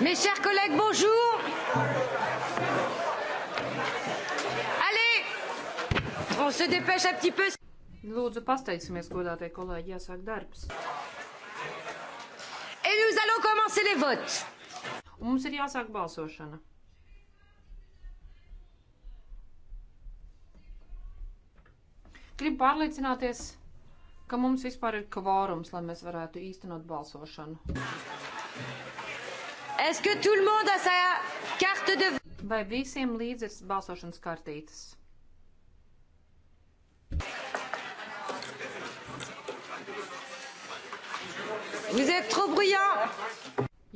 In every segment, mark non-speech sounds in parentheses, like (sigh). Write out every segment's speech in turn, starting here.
Mes chers collègues, bonjour. Allez, on se dépêche un petit peu. Lūdzu, pasteigsimies, godātie kolēģi, jāsāk darbs. Et nous allons commencer les votes. Un mums ir jāsāk balsošana. Gribu pārliecināties, ka mums vispār ir kvorums, lai mēs varētu īstenot balsošanu. Vai visiem līdz ir balsošanas kartītes? Vous êtes trop bruyant.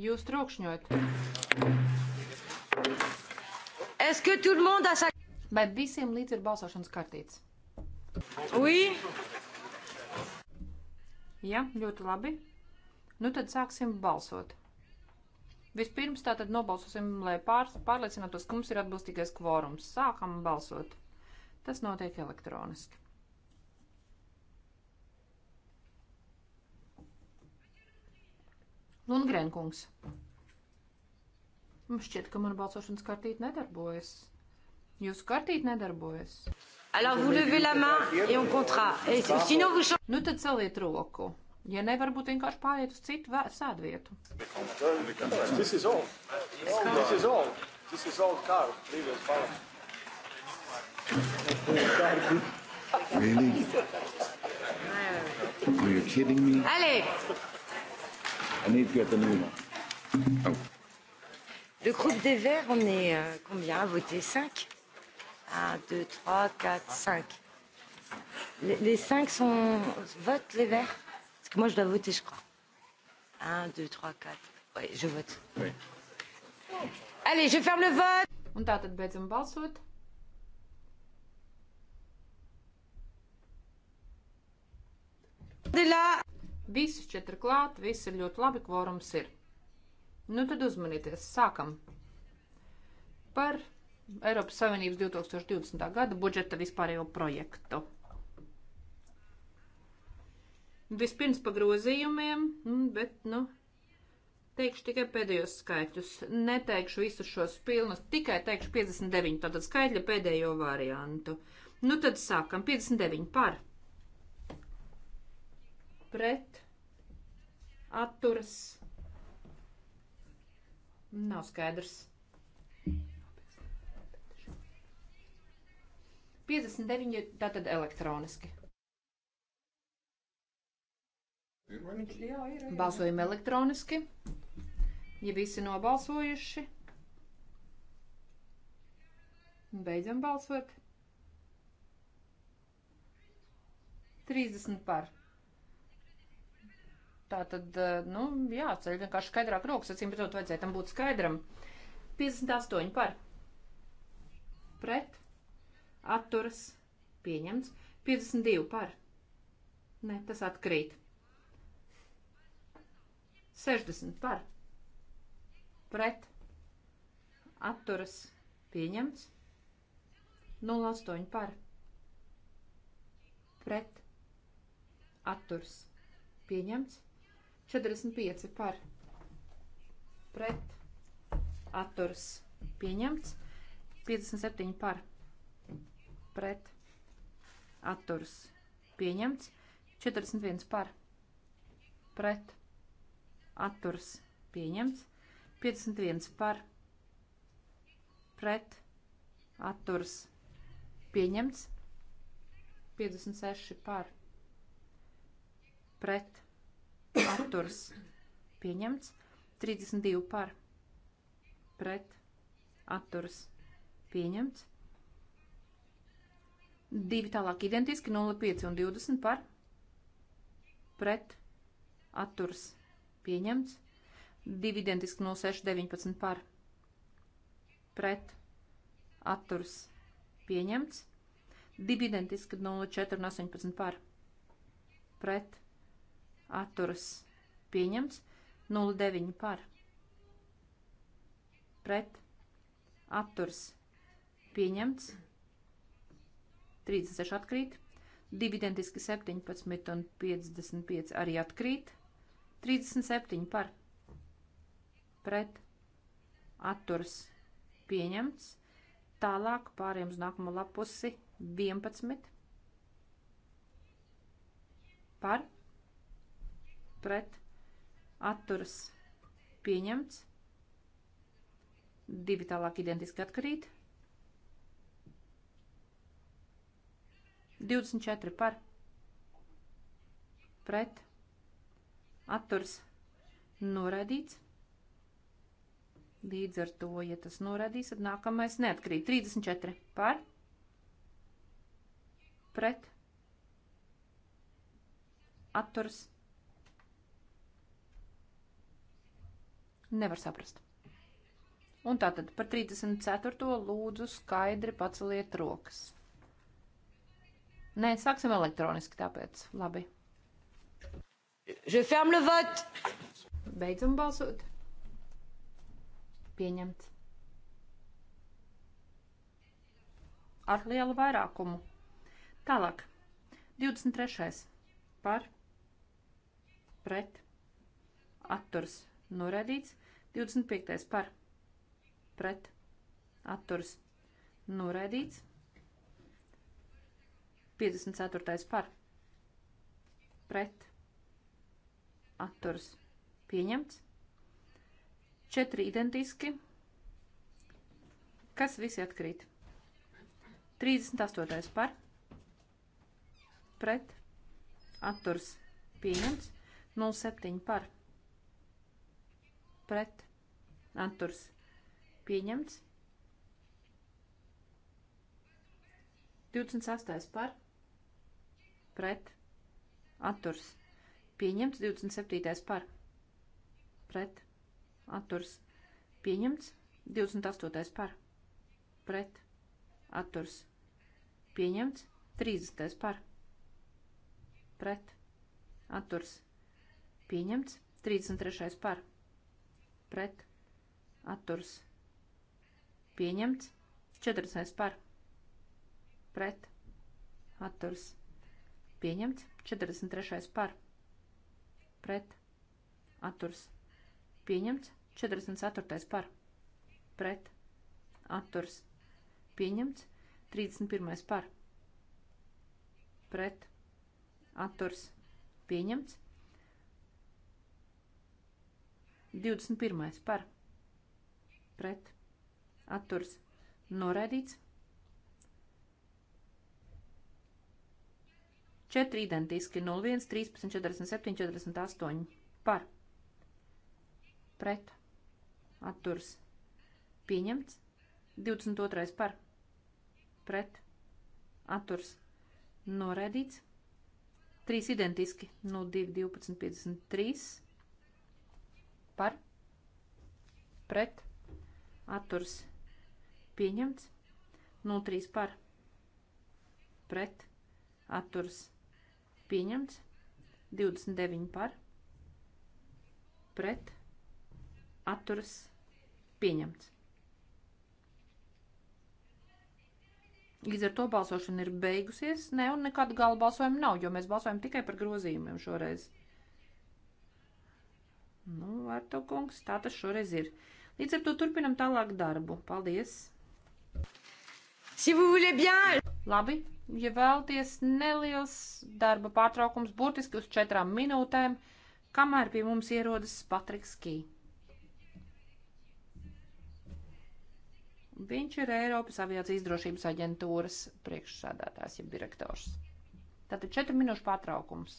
Jūs trokšņojat. Est-ce que tout le monde a sa... Vai visiem līdz ir balsošanas kartītes? Oui. Ja, ļoti labi. Nu tad sāksim balsot. Vispirms tātad nobalsosim, lai pār, pārliecinātos, ka mums ir atbilstīgais kvorums. Sākam balsot. Tas notiek elektroniski. Lundgrenkungs. Man šķiet, ka mana balsošanas kartīte nedarbojas. Jūsu kartīte nedarbojas. Alors, vous levez la main et on comptera. Et sinon, vous... Nu tad saliet roku. Ja ne, varbūt vienkārši pāriet uz citu sēdvietu. Tas ir all. Tas ir all. Tas ir all car. Previous car. Really? Are you kidding me? Allez! I need to get the new one. Oh. Le groupe des Verts, on est euh, combien à voter 5 1, 2, 3, 4, 5. Les 5 sont... votent les Verts Parce que moi, je dois voter, je crois. 1, 2, 3, 4. Oui, je vote. Oui. Allez, je ferme le vote. Un tātad beidzam balsot. Dēļā. Visi četri klāt, visi ir ļoti labi, kvorums ir. Nu tad uzmanieties, sākam. Par Eiropas Savienības 2020. gada budžeta vispārējo projektu. Vispirms pa grozījumiem, mm, bet, nu, teikšu tikai pēdējos skaitļus. Neteikšu visus šos pilnus, tikai teikšu 59, tātad skaitļa pēdējo variantu. Nu, tad sākam 59 par. Pret. Atturas. Nav skaidrs. 59, tātad elektroniski. Balsojam elektroniski. Ja visi nobalsojuši, beidzam balsot. 30 par. Tā tad, eh, nu, jāceļ vienkārši skaidrāk rokas, acīm redzot, vajadzēja tam būt skaidram. 58 par. Pret. Atturas. Pieņemts. 52 par. Nē, tas atkrīt. 60 par pret atturas pieņemts 08 par pret atturas pieņemts 45 par pret atturas pieņemts 57 par pret atturas pieņemts 41 par pret atturs pieņemts. 51 par pret atturs pieņemts. 56 par pret atturs pieņemts. 32 par pret atturs pieņemts. Divi tālāk identiski 05 un 20 par pret atturs pieņemts Pieņemts. 2 identiski 06, 19 par. Pret. Atturs. Pieņemts. 2 identiski 04 un 18 par. Pret. Atturs. Pieņemts. 09 par. Pret. Atturs. Pieņemts. 36 atkrīt. 2 identiski 17 un 55 arī atkrīt. 37 par pret atturs pieņemts. Tālāk pāriem uz nākamo lapusi 11 par pret atturs pieņemts. Divi tālāk identiski atkarīt. 24 par pret atturs noraidīts. Līdz ar to, ja tas noraidīs, tad nākamais neatkrīt. 34 par, pret, atturs. Nevar saprast. Un tātad par 34. lūdzu skaidri paceliet rokas. Nē, sāksim elektroniski tāpēc. Labi. 34. Je ferme le vote. Beidzam balsot. Pieņemts. Ar lielu vairākumu. Tālāk. 23. Par. Pret. Atturs. Noraidīts. 25. Par. Pret. Atturs. Noraidīts. 54. Par. Pret atturas pieņemts. Četri identiski, kas visi atkrīt. 38. par, pret, atturas pieņemts. 07 par, pret, atturas pieņemts. 28 par, pret, atturs Pieņemts 27. par. Pret. Atturs. Pieņemts 28. par. Pret. Atturs. Pieņemts 30. par. Pret. Atturs. Pieņemts 33. par. Pret. Atturs. Pieņemts 40. par. Pret. Atturs. Pieņemts 43. par pret, atturs, pieņemts. 44. par, pret, atturs, pieņemts. 31. par, pret, atturs, pieņemts. 21. par, pret, atturs, noraidīts. 4 identiski 01, 13, 47, 48 par pret atturs pieņemts 22 par pret atturs noraidīts 3 identiski 02, 12, 53 par pret atturs pieņemts 03 par pret atturs pieņemts Pieņemts. 29 par. Pret. Atturas. Pieņemts. Līdz ar to balsošana ir beigusies. Nē, ne, un nekāda gala balsojuma nav, jo mēs balsojam tikai par grozījumiem šoreiz. Nu, Vārto kungs, tā tas šoreiz ir. Līdz ar to turpinam tālāk darbu. Paldies! Si vous voulez bien! Labi, Ja vēlties neliels darba pārtraukums, burtiski uz četrām minūtēm, kamēr pie mums ierodas Patriks Kī. Viņš ir Eiropas aviācijas drošības aģentūras priekšsādātājs, jeb direktors. Tātad četru minūšu pārtraukums.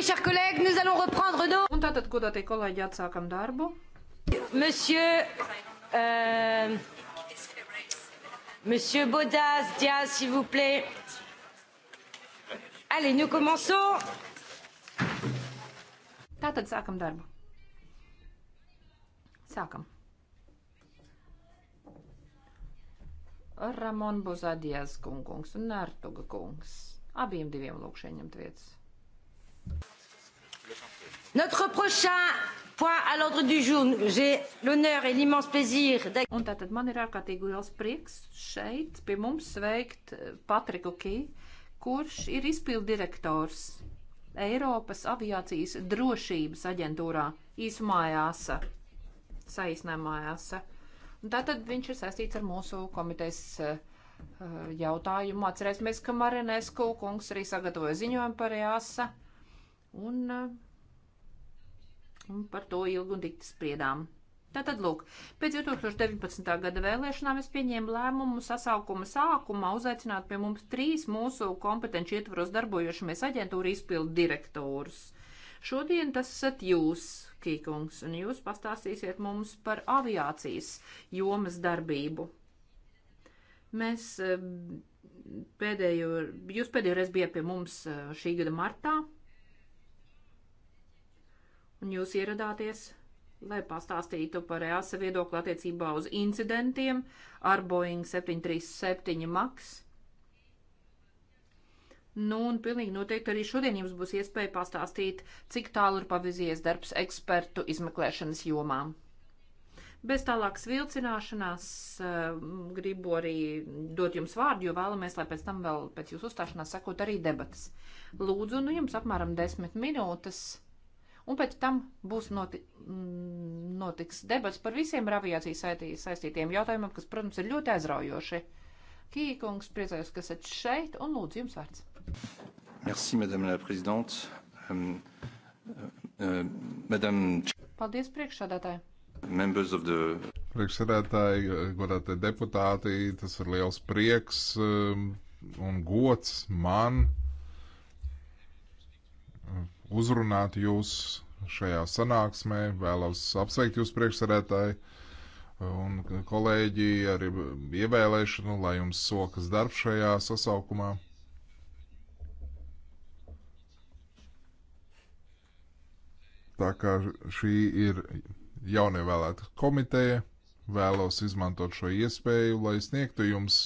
mes chers collègues, nous allons reprendre nos... Un tātad, godātie kolēģi, atsākam darbu. Monsieur... Euh, Monsieur Bodas, Diaz, s'il vous plaît. Allez, nous commençons. Tātad sākam darbu. Sākam. Ramon Bozadijas kungs un Nārtuga kungs. Abiem diviem lūkšiem ņemt vietas. Notre prochain point à l'ordre du jour, j'ai l'honneur et l'immense plaisir. Un tātad man ir ārkārtīgi liels prieks šeit pie mums sveikt eh, Patriku Kī, kurš ir izpildirektors Eiropas aviācijas drošības aģentūrā, īsumā jāsa, saīsnēmā jāsa. Un tātad viņš ir saistīts ar mūsu komitejas eh, jautājumu. Atcerēsimies, ka Marinesku kungs arī sagatavoja ziņojumu par jāsa. Un, eh, un par to ilgi un dikti spriedām. Tātad, lūk, pēc 2019. gada vēlēšanām es pieņēmu lēmumu sasaukuma sākumā uzaicināt pie mums trīs mūsu kompetenci ietvaros darbojošamies aģentūra izpildu direktorus. Šodien tas esat jūs, Kīkungs, un jūs pastāstīsiet mums par aviācijas jomas darbību. Mēs eh, pēdējo, jūs pēdējo reizi bijat pie mums eh, šī gada martā un jūs ieradāties, lai pastāstītu par EASA viedokli attiecībā uz incidentiem ar Boeing 737 MAX. Nu, un pilnīgi noteikti arī šodien jums būs iespēja pastāstīt, cik tālu ir pavizies darbs ekspertu izmeklēšanas jomām. Bez tālākas vilcināšanās eh, gribu arī dot jums vārdu, jo vēlamies, lai pēc tam vēl pēc jūsu uzstāšanās sekot arī debatas. Lūdzu, nu jums apmēram desmit minūtes un pēc tam būs noti, notiks debats par visiem ar aviāciju saistītiem jautājumiem, kas, protams, ir ļoti aizraujoši. Kīkungs, priecājos, ka esat šeit, un lūdzu jums vārds. Merci, madame la présidente. Um, uh, madame... Paldies, priekšsādātāji. Members of the... Priekšsēdētāji, godātie deputāti, tas ir liels prieks um, un gods man uzrunāt jūs šajā sanāksmē. Vēlos apsveikt jūs priekšsarētāji un kolēģi ar ievēlēšanu, lai jums sokas darbs šajā sasaukumā. Tā kā šī ir jaunievēlēta komiteja, vēlos izmantot šo iespēju, lai sniegtu jums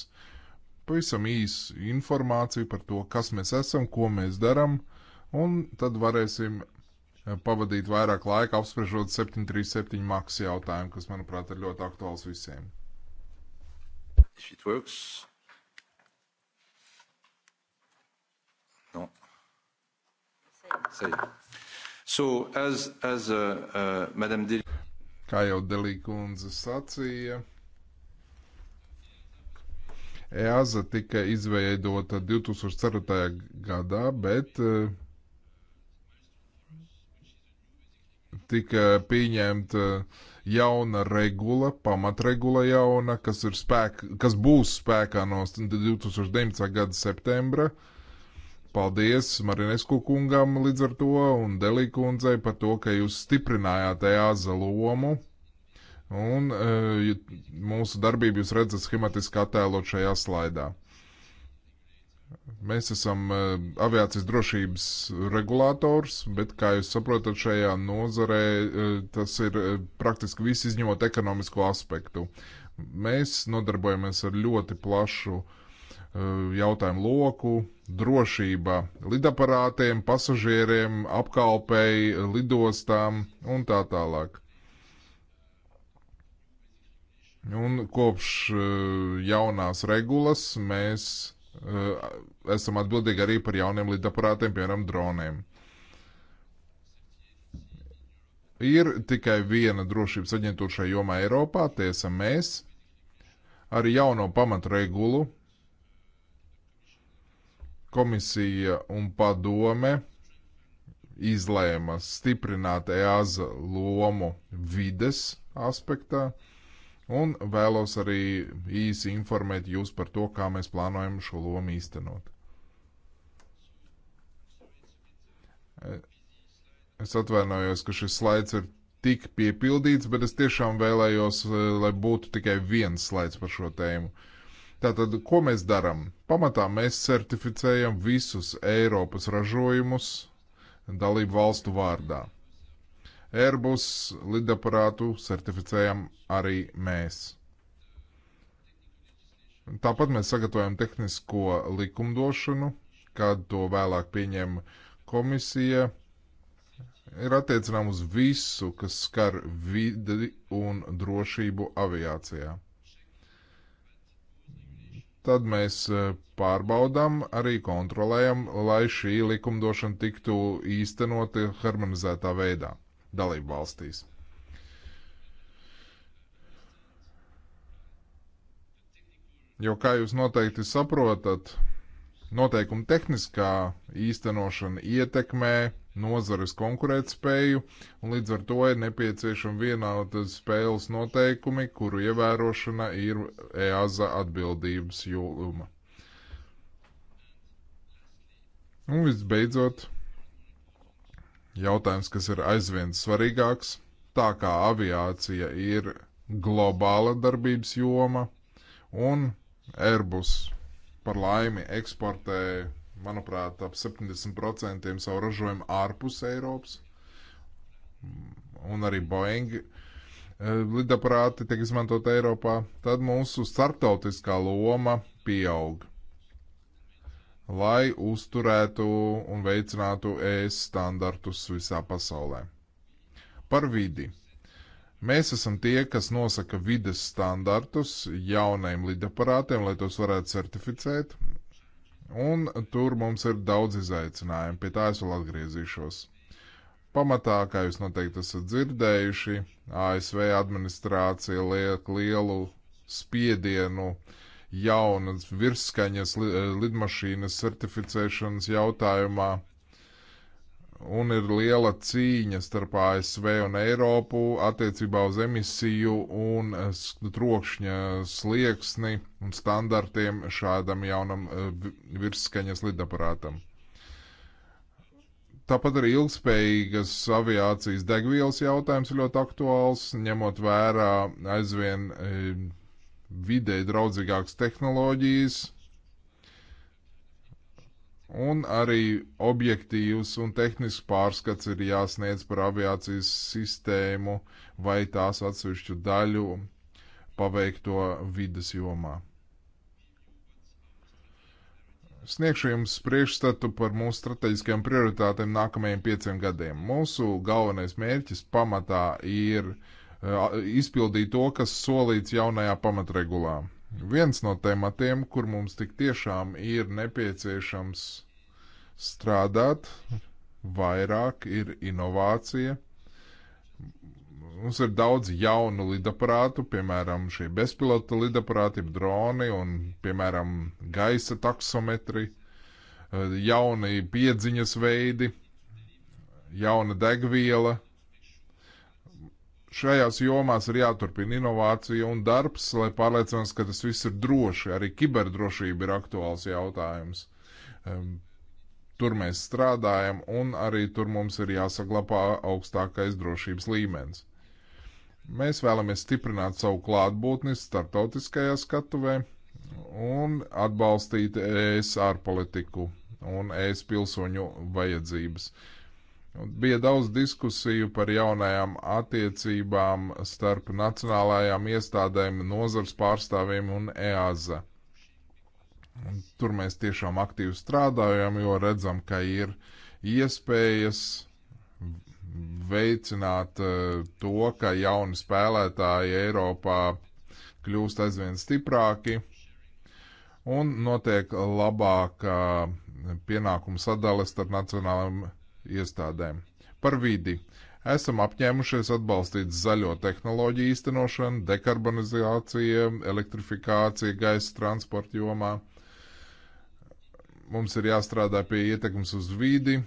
pavisam īsu informāciju par to, kas mēs esam, ko mēs darām, uh, Un tad varēsim eh, pavadīt vairāk laika apspriežot 737 maks jautājumu, kas, manuprāt, ir ļoti aktuāls visiem. Shit works. No. Say. So, as, as uh, uh, Madam Dil Kā jau Delīkundze sacīja, EASA tika izveidota 2004. gadā, bet uh, tika pieņemta jauna regula, pamatregula jauna, kas, ir spēk, kas būs spēkā no 2019. gada septembra. Paldies Marinesku kungam līdz ar to un Delī kundzei par to, ka jūs stiprinājāt EASA lomu. Un e, mūsu darbību jūs redzat schematiski attēlot šajā slaidā. Mēs esam eh, aviācijas drošības regulators, bet, kā jūs saprotat, šajā nozarē eh, tas ir eh, praktiski viss izņemot ekonomisko aspektu. Mēs nodarbojamies ar ļoti plašu jautājumu loku, drošība lidaparātiem, pasažieriem, apkalpei, lidostām un tā tālāk. Un kopš jaunās regulas mēs esam atbildīgi arī par jauniem lidaparātiem, piemēram, droniem. Ir tikai viena drošības aģentūra šajā jomā Eiropā, tie esam mēs, ar jauno pamatregulu komisija un padome izlēma stiprināt EASA lomu vides aspektā. Uh, un vēlos arī īsi informēt jūs par to, kā mēs plānojam šo lomu īstenot. Es atvainojos, ka šis slaids ir tik piepildīts, bet es tiešām vēlējos, eh, lai būtu tikai viens slaids par šo tēmu. Tātad, ko mēs darām? Pamatā mēs certificējam visus Eiropas ražojumus dalību valstu vārdā. Airbus lidaparātu certificējam arī mēs. Tāpat mēs sagatavojam tehnisko likumdošanu, kad to vēlāk pieņem komisija. Ir attiecinām uz visu, kas skar vidi un drošību aviācijā. Tad mēs e, pārbaudām, arī kontrolējam, lai šī likumdošana tiktu īstenota harmonizētā veidā dalību valstīs. Jo, kā jūs noteikti saprotat, noteikuma tehniskā īstenošana ietekmē nozares konkurētspēju, un līdz ar to ir nepieciešama vienādas spēles noteikumi, kuru ievērošana ir EASA atbildības joma. Un visbeidzot, Jautājums, kas ir aizvien svarīgāks, tā kā aviācija ir globāla darbības joma, un Airbus par laimi eksportē, manuprāt, ap 70% savu ražojumu ārpus Eiropas, un arī Boeing eh, lidaparāti tiek izmantot Eiropā, tad mūsu starptautiskā loma pieaug lai uzturētu un veicinātu ES standartus visā pasaulē. Par vidi. Mēs esam tie, kas nosaka vides standartus jaunajiem lidaparātiem, lai tos varētu certificēt, un tur mums ir daudz izaicinājumu, pie tā es vēl atgriezīšos. Pamatā, kā jūs noteikti esat dzirdējuši, ASV administrācija liek lielu spiedienu uh, jaunas virsskaņas eh, lidmašīnas certificēšanas jautājumā. Un ir liela cīņa starp ASV un Eiropu attiecībā uz emisiju un eh, trokšņa slieksni un standartiem šādam jaunam eh, virsskaņas lidaparātam. Tāpat arī ilgspējīgas aviācijas degvielas jautājums ir ļoti aktuāls, ņemot vērā aizvien vidē draudzīgākas tehnoloģijas un arī objektīvs un tehnisks pārskats ir jāsniedz par aviācijas sistēmu vai tās atsevišķu daļu paveikto vidas jomā. Sniegšu jums priekšstatu par mūsu strateģiskajām prioritātēm nākamajiem pieciem gadiem. Mūsu galvenais mērķis pamatā ir uh, izpildīt to, kas solīts jaunajā pamatregulā. Viens no tematiem, kur mums tik tiešām ir nepieciešams strādāt vairāk, ir inovācija. Mums ir daudz jaunu lidaparātu, piemēram, šie bezpilota lidaparāti, droni un, piemēram, gaisa taksometri, jauni piedziņas veidi, jauna degviela, Šajās jomās ir jāturpina inovācija un darbs, lai pārliecinātos, ka tas viss ir droši. Arī kiberdrošība ir aktuāls jautājums. Tur mēs strādājam, un arī tur mums ir jāsaglabā augstākais drošības līmenis. Mēs vēlamies stiprināt savu klātbūtni starptautiskajā skatuvē un atbalstīt ES ārpolitiku un ES pilsoņu vajadzības. Uh, Bija daudz diskusiju par jaunajām attiecībām starp nacionālajām iestādēm, nozars pārstāvjiem un EASA. Un tur mēs tiešām aktīvi strādājam, jo redzam, ka ir iespējas veicināt eh, to, ka jauni spēlētāji Eiropā kļūst aizvien stiprāki un notiek labāka eh, pienākuma sadales starp nacionālajām iestādēm iestādēm. Par vidi. Esam apņēmušies atbalstīt zaļo tehnoloģiju īstenošanu, dekarbonizāciju, elektrifikāciju gaisa transporta jomā. Mums ir jāstrādā pie ietekmes uz vidi,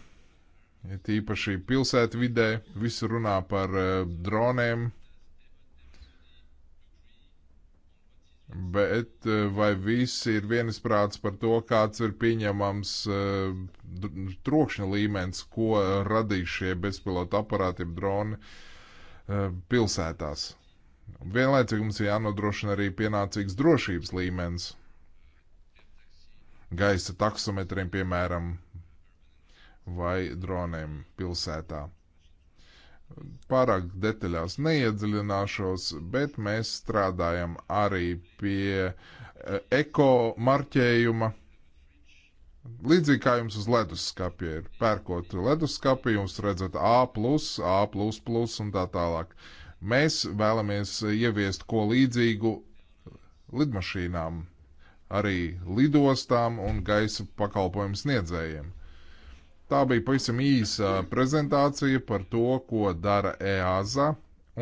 tīpaši pilsētvidē. Visi runā par eh, droniem, Bet eh, vai visi ir vienisprāts par to, kāds ir pieņemams eh, trokšņa līmenis, ko radīs šie bezpilota aparāti, jeb droni eh, pilsētās? Vienlaicīgi mums ir jānodrošina arī pienācīgs drošības līmenis. Gaisa taksometriem, piemēram, vai droniem pilsētā pārāk detaļās neiedziļināšos, bet mēs strādājam arī pie e, eko marķējuma. Līdzīgi kā jums uz leduskapja ir, pērkot leduskapi, jūs redzat A, A un tā tālāk. Mēs vēlamies ieviest ko līdzīgu lidmašīnām, arī lidostām un gaisa pakalpojumu sniedzējiem. Tā bija pavisam īsa prezentācija par to, ko dara EASA.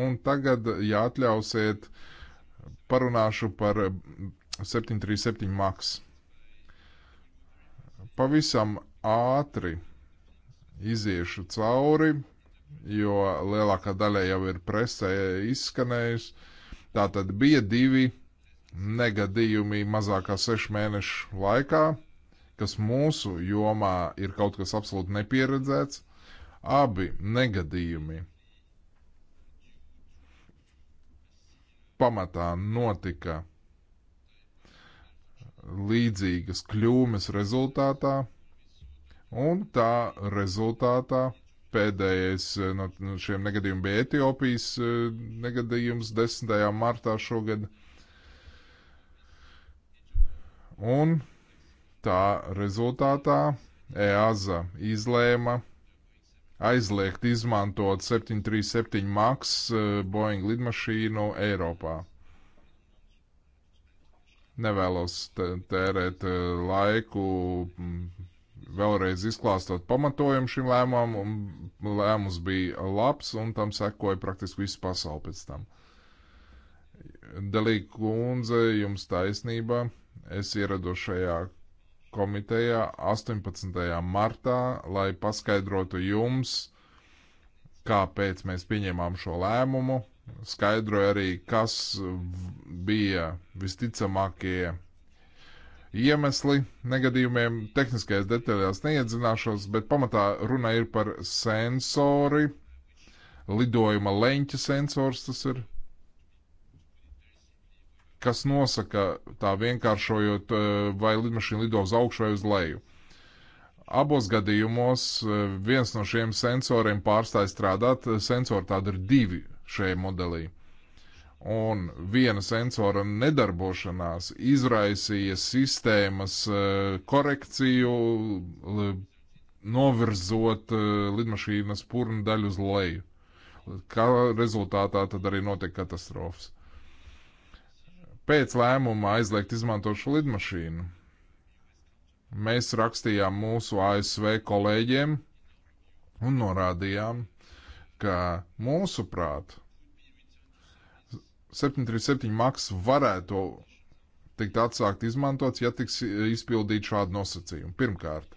Un tagad, ja atļausiet, parunāšu par 737 maks. Pavisam ātri iziešu cauri, jo lielākā daļa jau ir presē izskanējusi. Tā tad bija divi negadījumi mazākā sešu mēnešu laikā kas mūsu jomā ir kaut kas absolūti nepieredzēts, abi negadījumi pamatā notika līdzīgas kļūmes rezultātā, un tā rezultātā pēdējais no šiem negadījumiem bija Etiopijas e, negadījums 10. martā šogad. Un Tā rezultātā EASA izlēma aizliegt izmantot 737 MAX eh, Boeing lidmašīnu Eiropā. Nevēlos tērēt eh, laiku vēlreiz izklāstot pamatojumu šim lēmumam, un lēmums bija labs, un tam sekoja praktiski visu pasauli pēc tam. Delīga kundze, jums taisnība, es ierados šajā komitejā 18. martā, lai paskaidrotu jums, kāpēc mēs pieņēmām šo lēmumu. Skaidroju arī, kas bija visticamākie iemesli negadījumiem. Tehniskajās detaļās neiedzināšos, bet pamatā runa ir par sensori, lidojuma leņķa sensors tas ir kas nosaka tā vienkāršojot, eh, vai lidmašīna lido uz augšu vai uz leju. Abos gadījumos eh, viens no šiem sensoriem pārstāja strādāt, eh, sensori tādi ir divi šajā modelī. Un viena sensora nedarbošanās izraisīja sistēmas korekciju, novirzot lidmašīnas purnu daļu uz leju. Kā rezultātā tad arī notiek katastrofas pēc lēmuma aizliegt izmantot šo lidmašīnu. Mēs rakstījām mūsu ASV kolēģiem un norādījām, ka mūsuprāt 737 maks varētu tikt atsākt izmantots, ja tiks izpildīt šādu nosacījumu. Pirmkārt,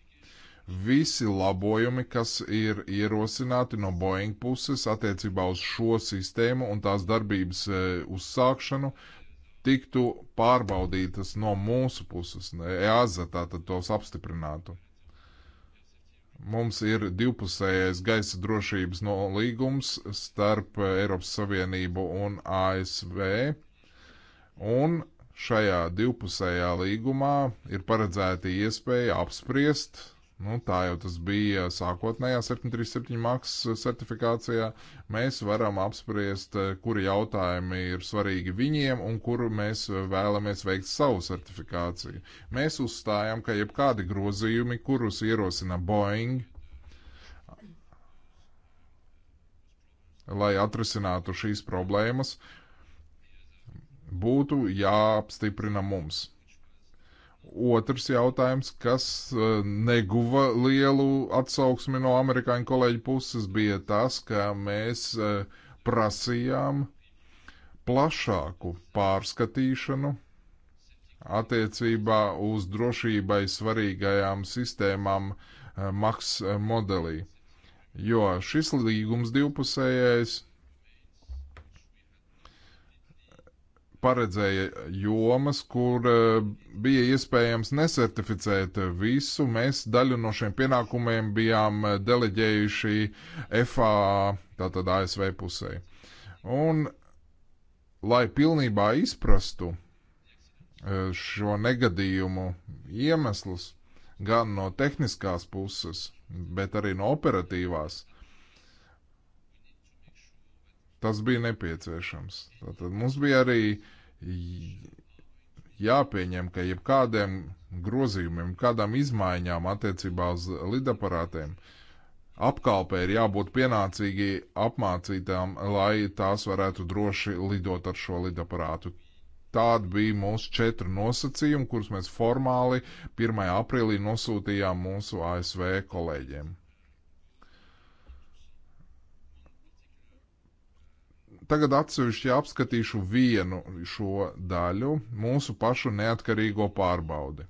visi labojumi, kas ir ierosināti no Boeing puses attiecībā uz šo sistēmu un tās darbības e, uzsākšanu, tiktu pārbaudītas no mūsu puses, EASA e tātad tos apstiprinātu. Mums ir divpusējais gaisa drošības nolīgums starp Eiropas Savienību un ASV, un šajā divpusējā līgumā ir paredzēta iespēja apspriest Nu, tā jau tas bija sākotnējā 737 maksas certifikācijā. Mēs varam apspriest, eh, kuri jautājumi ir svarīgi viņiem un kuru mēs vēlamies veikt savu certifikāciju. Mēs uzstājam, ka jebkādi grozījumi, kurus ierosina Boeing, lai atrisinātu šīs problēmas, būtu jāapstiprina mums. Otrs jautājums, kas e, neguva lielu atsauksmi no amerikāņu kolēģu puses, bija tas, ka mēs e, prasījām plašāku pārskatīšanu attiecībā uz drošībai svarīgajām sistēmām e, MAX modelī. Jo šis līgums divpusējais paredzēja jomas, kur eh, bija iespējams nesertificēt visu. Mēs daļu no šiem pienākumiem bijām eh, deleģējuši FAA, tātad ASV pusē. Un, lai pilnībā izprastu eh, šo negadījumu iemeslus, gan no tehniskās puses, bet arī no operatīvās, uh, Tas bija nepieciešams. Tātad mums bija arī jāpieņem, ka jebkādiem grozījumiem, kādām izmaiņām attiecībā uz lidaparātiem apkalpē ir jābūt pienācīgi apmācītām, lai tās varētu droši lidot ar šo lidaparātu. Tādi bija mūsu četri nosacījumi, kurus mēs formāli 1. aprīlī nosūtījām mūsu ASV kolēģiem. Tagad atsevišķi apskatīšu vienu šo daļu - mūsu pašu neatkarīgo pārbaudi.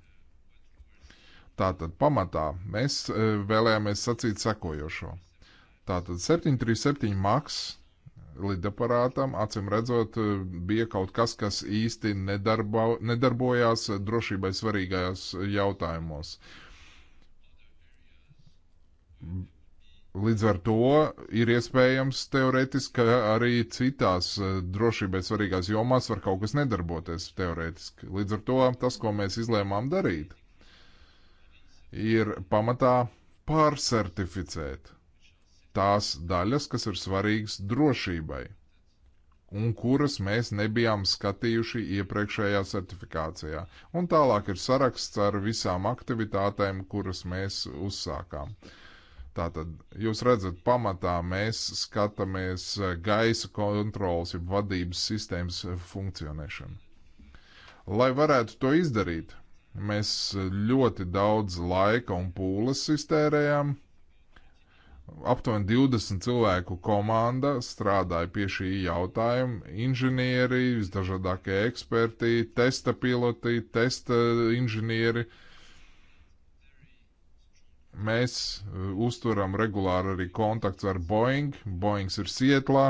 Tātad pamatā mēs e, vēlējāmies sacīt sekojošo. Tātad 737 maks lidaparātam, acīm redzot, e, bija kaut kas, kas īsti nedarba, nedarbojās drošībai svarīgajos jautājumos. Līdz ar to ir iespējams teorētiski, ka arī citās eh, drošībai svarīgās jomās var kaut kas nedarboties teorētiski. Līdz ar to tas, ko mēs izlēmām darīt, ir pamatā pārsertificēt tās daļas, kas ir svarīgas drošībai un kuras mēs nebijām skatījuši iepriekšējā certifikācijā. Un tālāk ir saraksts ar visām aktivitātēm, kuras mēs uzsākām. Uh, Tātad jūs redzat, pamatā mēs skatāmies eh, gaisa kontrolas, jeb vadības sistēmas eh, funkcionēšanu. Lai varētu to izdarīt, mēs eh, ļoti daudz laika un pūles iztērējām. Aptuveni 20 cilvēku komanda strādāja pie šī jautājuma. Inženieri, visdažādākie eksperti, testa piloti, testa inženieri. Uh, Mēs uh, uzturam regulāri arī kontakts ar Boeing. Boeings ir Sietlā.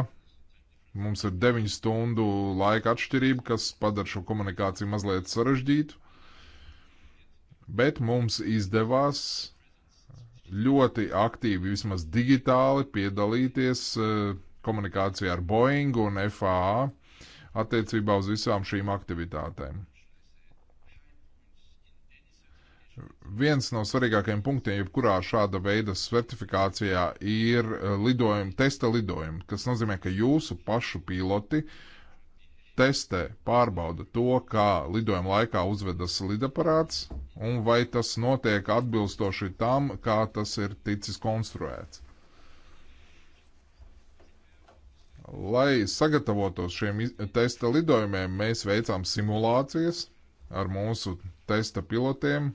Mums ir 9 stundu laika atšķirība, kas padara šo komunikāciju mazliet sarežģītu. Bet mums izdevās ļoti aktīvi, vismaz digitāli, piedalīties uh, komunikācijā ar Boeing un FAA attiecībā uz visām šīm aktivitātēm. viens no svarīgākajiem punktiem, jebkurā šāda veida certifikācijā, ir eh, lidojuma, testa lidojuma, kas nozīmē, ka jūsu pašu piloti testē, pārbauda to, kā lidojuma laikā uzvedas lidaparāts un vai tas notiek atbilstoši tam, kā tas ir ticis konstruēts. Lai sagatavotos šiem testa lidojumiem, mēs veicām simulācijas ar mūsu testa pilotiem,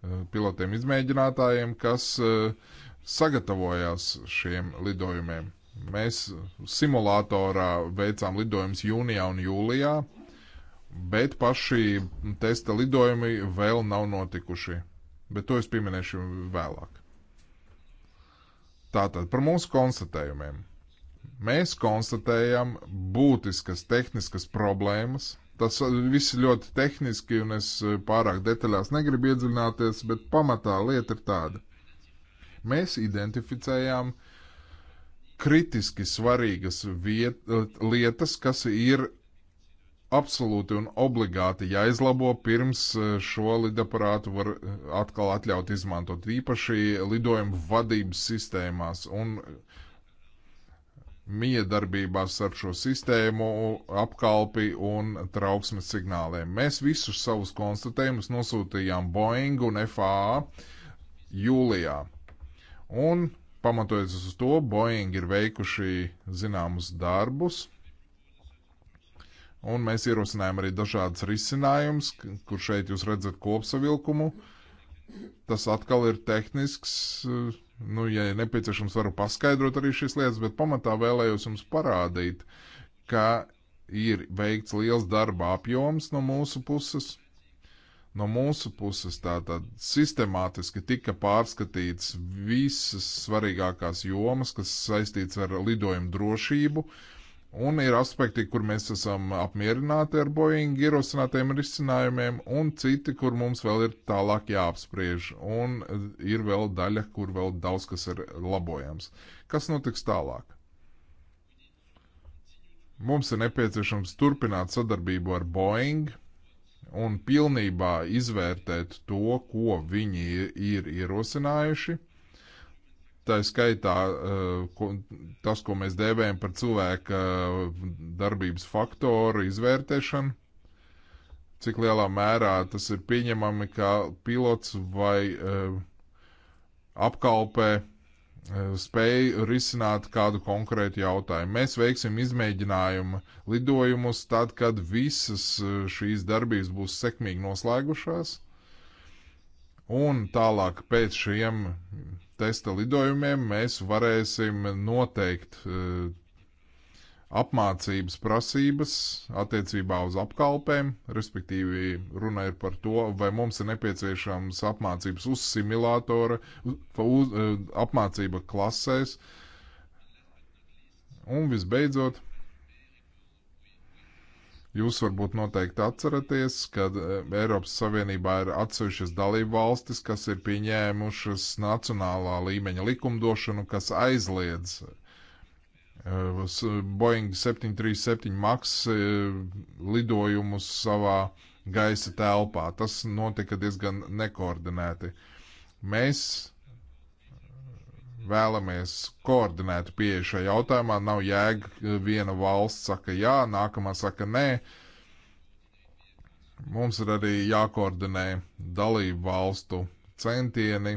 Eh, pilotiem izmēģinātājiem, kas eh, sagatavojās šiem lidojumiem. Mēs simulatorā veicām lidojumus jūnijā un jūlijā, bet paši testa lidojumi vēl nav notikuši. Bet to es pieminēšu vēlāk. Tātad par mūsu konstatējumiem. Mēs konstatējam būtiskas tehniskas problēmas, Tas viss ir ļoti tehniski, un es eh, pārāk detaļās negribu iedziļināties, bet pamatā lieta ir tāda. Mēs identificējām kritiski svarīgas viet, eh, lietas, kas ir absolūti un obligāti jāizlabo pirms eh, šo lidaparātu var atkal atļaut izmantot īpaši lidojumu vadības sistēmās un uh, miedarbībās ar šo sistēmu, apkalpi un trauksmes signāliem. Mēs visus savus konstatējumus nosūtījām Boeing un FAA jūlijā. Un, pamatojoties uz to, Boeing ir veikuši zināmus darbus, un mēs ierosinājām arī dažādas risinājumus, kur šeit jūs redzat kopsavilkumu. Tas atkal ir tehnisks uh, Nu, ja ir nepieciešams, varu paskaidrot arī šīs lietas, bet pamatā vēlējos jums parādīt, ka ir veikts liels darba apjoms no mūsu puses. No mūsu puses tātad sistemātiski tika pārskatīts visas svarīgākās jomas, kas saistīts ar lidojumu drošību, uh, Un ir aspekti, kur mēs esam apmierināti ar Boeing ierosinātajiem risinājumiem, un citi, kur mums vēl ir tālāk jāapspriež. Un ir vēl daļa, kur vēl daudz kas ir labojams. Kas notiks tālāk? Mums ir nepieciešams turpināt sadarbību ar Boeing un pilnībā izvērtēt to, ko viņi ir ierosinājuši tā skaitā eh, tas, ko mēs dēvējam par cilvēka eh, darbības faktoru izvērtēšanu, cik lielā mērā tas ir pieņemami, ka pilots vai eh, apkalpē spēj risināt kādu konkrētu jautājumu. Mēs veiksim izmēģinājumu lidojumus tad, kad visas šīs darbības būs sekmīgi noslēgušās. Un tālāk pēc šiem testa lidojumiem mēs varēsim noteikt uh, apmācības prasības attiecībā uz apkalpēm, respektīvi runa ir par to, vai mums ir nepieciešams apmācības uz simulātora, uz, uh, e, apmācība klasēs. Un visbeidzot, Jūs varbūt noteikti atceraties, ka e, Eiropas Savienībā ir atsevišķas dalību valstis, kas ir pieņēmušas nacionālā līmeņa likumdošanu, kas aizliedz e, Boeing 737 MAX e, lidojumus savā gaisa telpā. Tas notika diezgan nekoordinēti. Mēs vēlamies koordinētu pieeju šajā jautājumā. Nav jēga viena valsts saka jā, nākamā saka nē. Mums ir arī jākoordinē dalību valstu centieni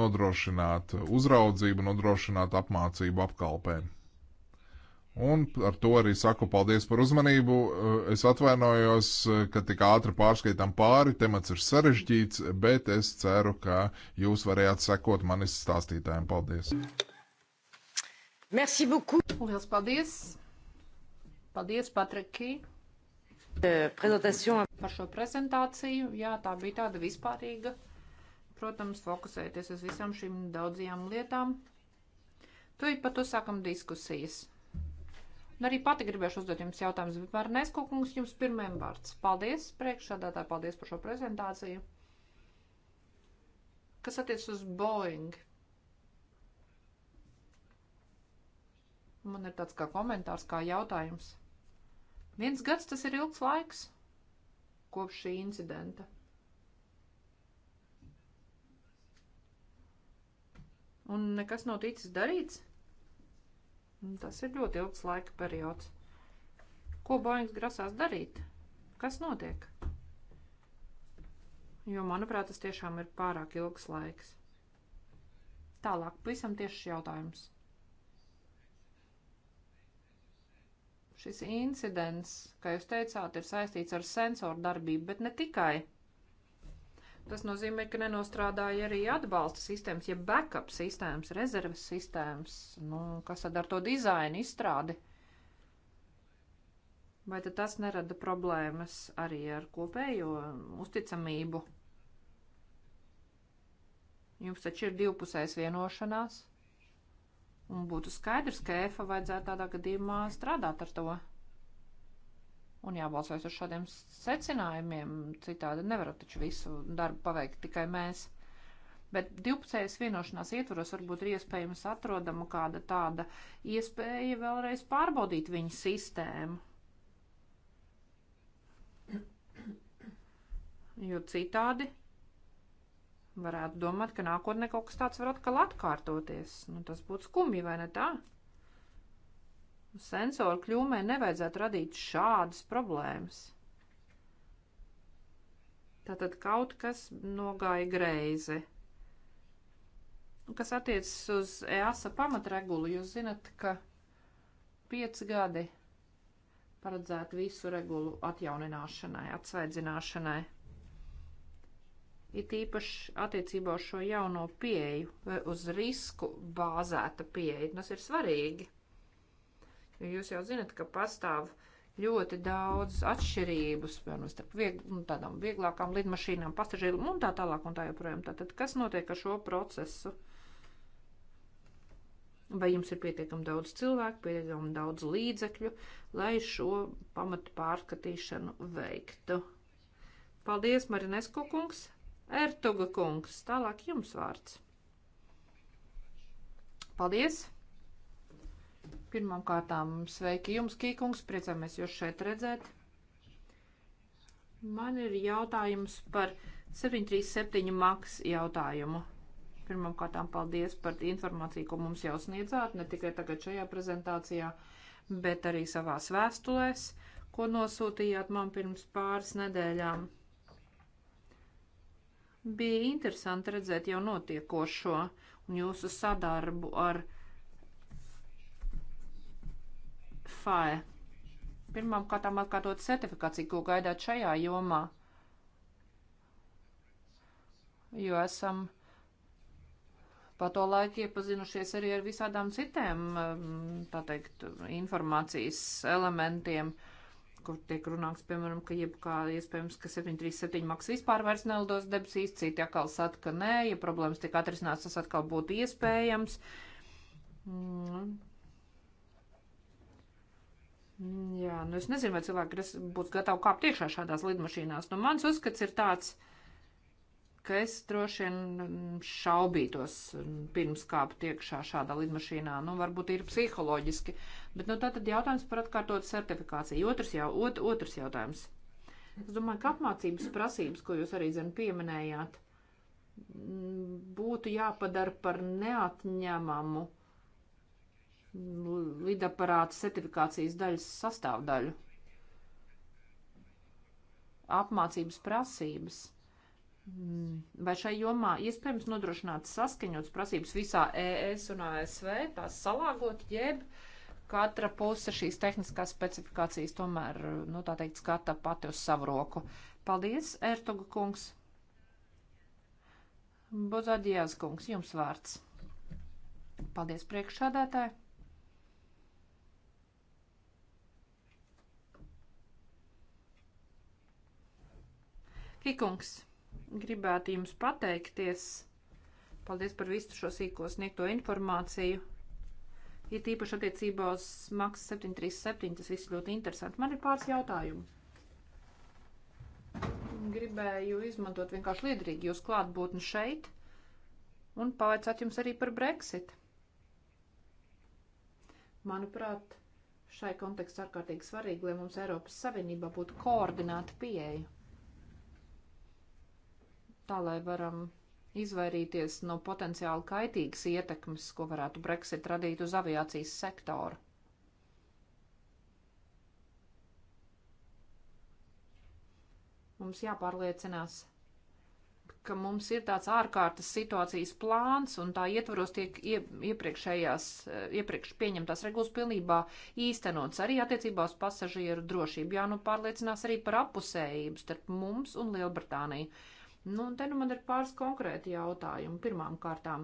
nodrošināt uzraudzību, nodrošināt apmācību apkalpēm. Un ar to arī saku paldies par uzmanību. Eh, es atvainojos, eh, ka tik ātri pārskaitām pāri, temats ir sarežģīts, bet es ceru, ka jūs varējāt sekot manis stāstītājiem. Paldies! Merci beaucoup! Lielas paldies! Paldies, Patrikī! Prezentāciju. Par šo prezentāciju, jā, tā bija tāda vispārīga protams, fokusēties uz visām šīm daudzajām lietām. Tūlīt pat uzsākam diskusijas. Nu, arī pati gribēšu uzdot jums jautājumus, bet par neskokungs jums pirmajam vārds. Paldies, priekšādātāji, paldies par šo prezentāciju. Kas attiec uz Boeing? Man ir tāds kā komentārs, kā jautājums. Viens gads tas ir ilgs laiks kopš šī incidenta. Un nekas nav ticis darīts. Tas ir ļoti ilgs laika periods. Ko Boeings grasās darīt? Kas notiek? Jo, manuprāt, tas tiešām ir pārāk ilgs laiks. Tālāk, pavisam tieši jautājums. Šis incidents, kā jūs teicāt, ir saistīts ar sensoru darbību, bet ne tikai. Tas nozīmē, ka nenostrādāja arī atbalsta sistēmas, ja backup sistēmas, rezerves sistēmas, nu, kas tad ar to dizainu izstrādi. Vai tad tas nerada problēmas arī ar kopējo uzticamību? Jums taču ir divpusējs vienošanās, un būtu skaidrs, ka EFA vajadzētu tādā gadījumā strādāt ar to un jābalsojas uz šādiem secinājumiem. Citādi nevaram taču visu darbu paveikt tikai mēs. Bet divpusējas vienošanās ietvaros varbūt ir iespējams atrodama kāda tāda iespēja vēlreiz pārbaudīt viņu sistēmu. Jo citādi varētu domāt, ka nākotnē kaut kas tāds var atkal atkārtoties. Nu, tas būtu skumji, vai ne tā? sensoru kļūmē nevajadzētu radīt šādas problēmas. Tātad kaut kas nogāja greizi. Kas attiecas uz EASA pamatregulu, jūs zinat, ka pieci gadi paredzēti visu regulu atjaunināšanai, atsvaidzināšanai. It īpaši attiecībā uz šo jauno pieeju, uz risku bāzēta pieeja, tas ir svarīgi. Jo jūs jau zinat, ka pastāv ļoti daudz atšķirības, piemēram, starp vieg, nu, tādām vieglākām lidmašīnām, pasažīriem un tā tālāk un tā joprojām. Tātad, kas notiek ar šo procesu? Vai jums ir pietiekami daudz cilvēku, pietiekami daudz līdzekļu, lai šo pamatu pārskatīšanu veiktu? Paldies, Marinesko kungs! Ertuga kungs, tālāk jums vārds. Paldies! Pirmām kārtām sveiki jums, Kīkungs, priecāmies jūs šeit redzēt. Man ir jautājums par 737 maks jautājumu. Pirmkārt, paldies par informāciju, ko mums jau sniedzāt, ne tikai tagad šajā prezentācijā, bet arī savās vēstulēs, ko nosūtījāt man pirms pāris nedēļām. Bija interesanti redzēt jau notiekošo un jūsu sadarbu ar FAE. Pirmām kārtām atkārtot certifikāciju, ko gaidāt šajā jomā, jo esam pa to laiku iepazinušies arī ar visādām citām, um, tā teikt, informācijas elementiem kur tiek runāts, piemēram, ka jebkā iespējams, ka 737 maks vispār vairs nelidos debesīs, citi atkal saka, ka nē, ja problēmas tiek atrisināts, tas atkal būtu iespējams. Mm. Jā, nu es nezinu, vai cilvēki būs gatavi kāpt iekšā šādās lidmašīnās. Nu, mans uzskats ir tāds, ka es droši vien mm, šaubītos mm, pirms kāpt iekšā šādā lidmašīnā. Nu, varbūt ir psiholoģiski. Bet, nu, tā tad jautājums par atkārtotu certifikāciju. Otrs, jau, ot, otrs jautājums. Es domāju, ka apmācības prasības, ko jūs arī, zin, pieminējāt, mm, būtu jāpadara par neatņemamu lidaparāta certifikācijas daļas sastāvdaļu. Apmācības prasības. Mm. Vai šai jomā iespējams nodrošināt saskaņotas prasības visā ES un ASV, tās salāgot, jeb katra puse šīs tehniskās specifikācijas tomēr, nu tā teikt, skata pati uz savu roku. Paldies, Ertuga kungs. Bozadījās kungs, jums vārds. Paldies priekšsādātāji. Kikungs, gribētu jums pateikties. Paldies par visu šo sīko sniegto informāciju. Ir ja tīpaši attiecībā uz Maks 737, tas viss ļoti interesanti. Man ir pāris jautājumu. Gribēju izmantot vienkārši liederīgi jūs klātbūtni šeit un pavaicāt jums arī par Brexit. Manuprāt, šai kontekstā ārkārtīgi svarīgi, lai mums Eiropas Savienībā būtu koordināta pieeja tā lai varam izvairīties no potenciāli kaitīgas ietekmes, ko varētu Brexit radīt uz aviācijas sektoru. Mums jāpārliecinās, ka mums ir tāds ārkārtas situācijas plāns, un tā ietvaros tiek iepriekšējās, e, iepriekš pieņemtās regulas pilnībā īstenots arī attiecībā uz pasažieru drošību. Jā, nu pārliecinās arī par apusējību starp mums un Lielbritāniju Nu, un te nu man ir pāris konkrēti jautājumi. Pirmām kārtām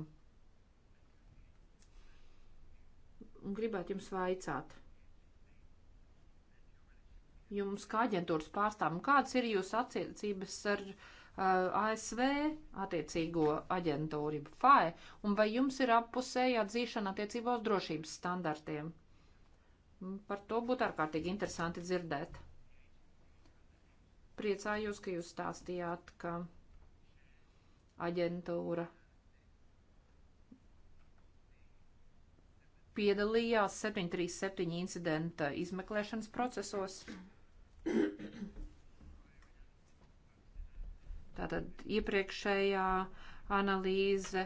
gribētu jums vaicāt. Jums kā aģentūras pārstāvam, kāds ir jūsu attiecības ar uh, ASV attiecīgo aģentūru, FAE, un vai jums ir appusēja atzīšana attiecībā uz drošības standartiem? Mm, par to būtu ārkārtīgi interesanti dzirdēt. Priecājos, ka jūs stāstījāt, ka aģentūra piedalījās 737 incidenta izmeklēšanas procesos. Tātad iepriekšējā analīze,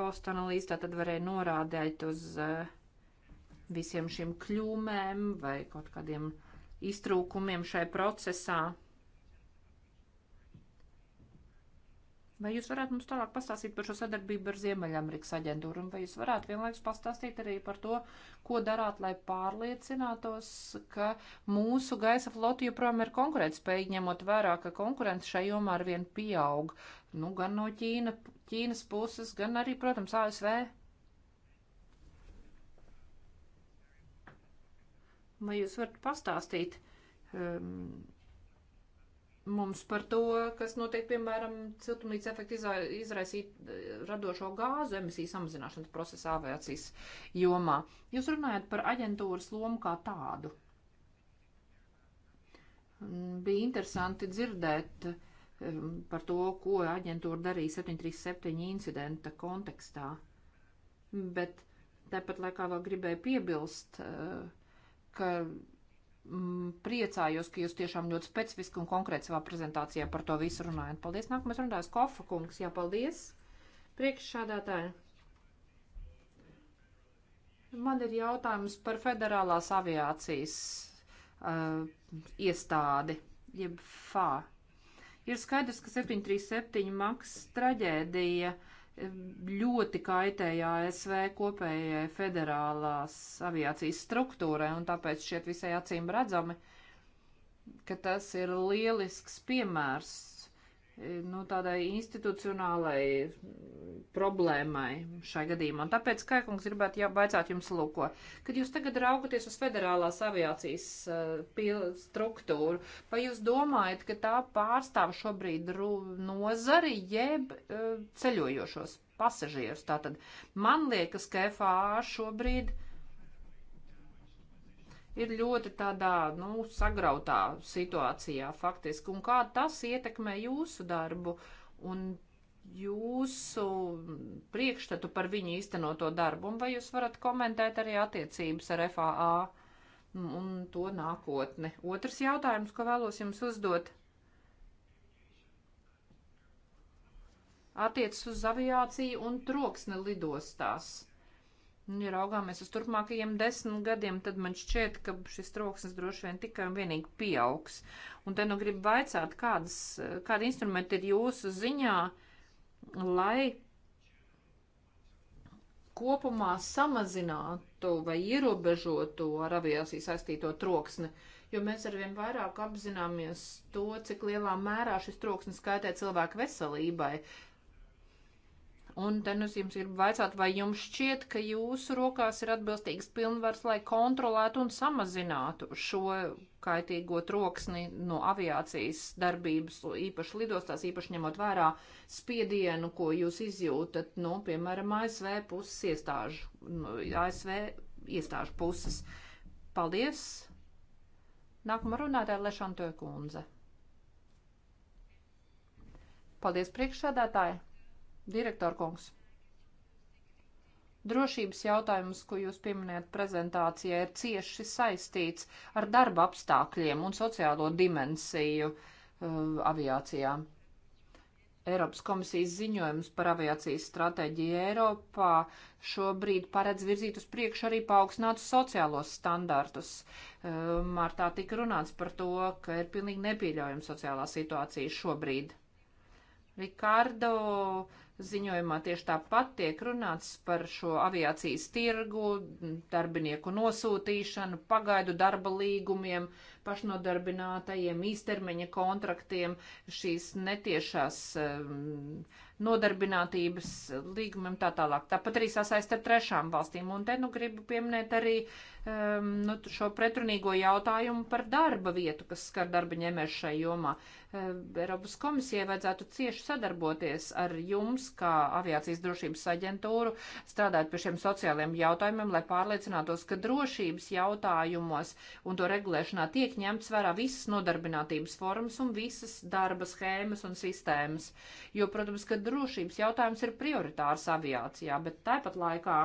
postanalīze, tātad varēja norādēt uz eh, visiem šiem kļūmēm vai kaut kādiem iztrūkumiem šai procesā. Vai jūs varētu mums tālāk pastāstīt par šo sadarbību ar Ziemeļamerikas aģentūru, un vai jūs varētu vienlaikus pastāstīt arī par to, ko darāt, lai pārliecinātos, ka mūsu gaisa flota joprojām ir konkurētspējīga, ņemot vērā, ka konkurence šai jomā arvien pieaug, nu, gan no Ķīna, Ķīnas puses, gan arī, protams, ASV? Vai jūs varat pastāstīt? Um, mums par to, kas notiek, piemēram, siltumnīca efekta izraisīt eh, radošo gāzu emisiju samazināšanas procesā aviācijas jomā. Jūs runājat par aģentūras lomu kā tādu. Mm, bija interesanti dzirdēt eh, par to, ko aģentūra darīja 737 incidenta kontekstā. Bet tāpat laikā vēl gribēju piebilst, eh, ka Mm, priecājos, ka jūs tiešām ļoti specifiski un konkrēti savā prezentācijā par to visu runājat. Paldies. Nākamais runātājs Kofa kungs. Jā, paldies. Priekšsādātāji. Man ir jautājums par federālās aviācijas uh, iestādi, jeb FA. Ir skaidrs, ka 737 maks traģēdija uh, ļoti kaitēja ASV kopējai federālās aviācijas struktūrai, un tāpēc šeit visai acīm redzami, ka tas ir lielisks piemērs nu, tādai institucionālai problēmai šai gadījumā. Un tāpēc, kā kungs, gribētu jau baicāt jums lūko, kad jūs tagad raugaties uz federālās aviācijas uh, struktūru, vai jūs domājat, ka tā pārstāv šobrīd nozari jeb uh, ceļojošos pasažierus? Tātad man liekas, ka FAA šobrīd uh, ir ļoti tādā, nu, sagrautā situācijā faktiski, un kā tas ietekmē jūsu darbu un jūsu priekšstatu par viņu īstenoto darbu, un vai jūs varat komentēt arī attiecības ar FAA un to nākotni. Otrs jautājums, ko vēlos jums uzdot. Attiecas uz aviāciju un troksni lidostās. Ja raugāmies uz turpmākajiem desmit gadiem, tad man šķiet, ka šis troksnis droši vien tikai un vienīgi pieaugs. Un te nu gribu vaicāt, kādas, kādi instrumenti ir jūsu ziņā, lai kopumā samazinātu vai ierobežotu ar aviāciju saistīto troksni, jo mēs arvien vairāk apzināmies to, cik lielā mērā šis troksnis kaitē cilvēku veselībai, Un te nu es jums gribu vaicāt, vai jums šķiet, ka jūsu rokās ir atbilstīgs pilnvars, lai kontrolētu un samazinātu šo kaitīgo troksni no aviācijas darbības, īpaši lidostās, īpaši ņemot vērā spiedienu, ko jūs izjūtat, nu, no, piemēram, ASV puses iestāžu, nu, ASV iestāžu puses. Paldies! Nākamā runātāja Lešantē kundze. Paldies priekšsādātāji! Direktorkungs. Drošības jautājums, ko jūs pieminējat prezentācijā, ir cieši saistīts ar darba apstākļiem un sociālo dimensiju uh, aviācijā. Eiropas komisijas ziņojums par aviācijas stratēģiju Eiropā šobrīd paredz virzīt uz priekšu arī paaugstinātus sociālos standartus. Uh, martā um, tika runāts par to, ka ir pilnīgi nepieļaujama sociālā situācija šobrīd. Rikardo uh, Ziņojumā tieši tāpat tiek runāts par šo aviācijas tirgu, darbinieku nosūtīšanu, pagaidu darba līgumiem, pašnodarbinātajiem, īstermeņa kontraktiem, šīs netiešās um, nodarbinātības līgumiem tā tālāk. Tāpat arī sasaist ar trešām valstīm. Un te nu gribu pieminēt arī um, nu, šo pretrunīgo jautājumu par darba vietu, kas skar darba ņemēs šai jomā. Uh, Eiropas komisijai vajadzētu cieši sadarboties ar jums, kā aviācijas drošības aģentūru, strādāt pie šiem sociālajiem jautājumiem, lai pārliecinātos, ka drošības jautājumos un to regulēšanā tiek ņemts vērā visas nodarbinātības formas un visas darba schēmas un sistēmas. Jo, protams, ka drošības jautājums ir prioritārs aviācijā, bet tāpat laikā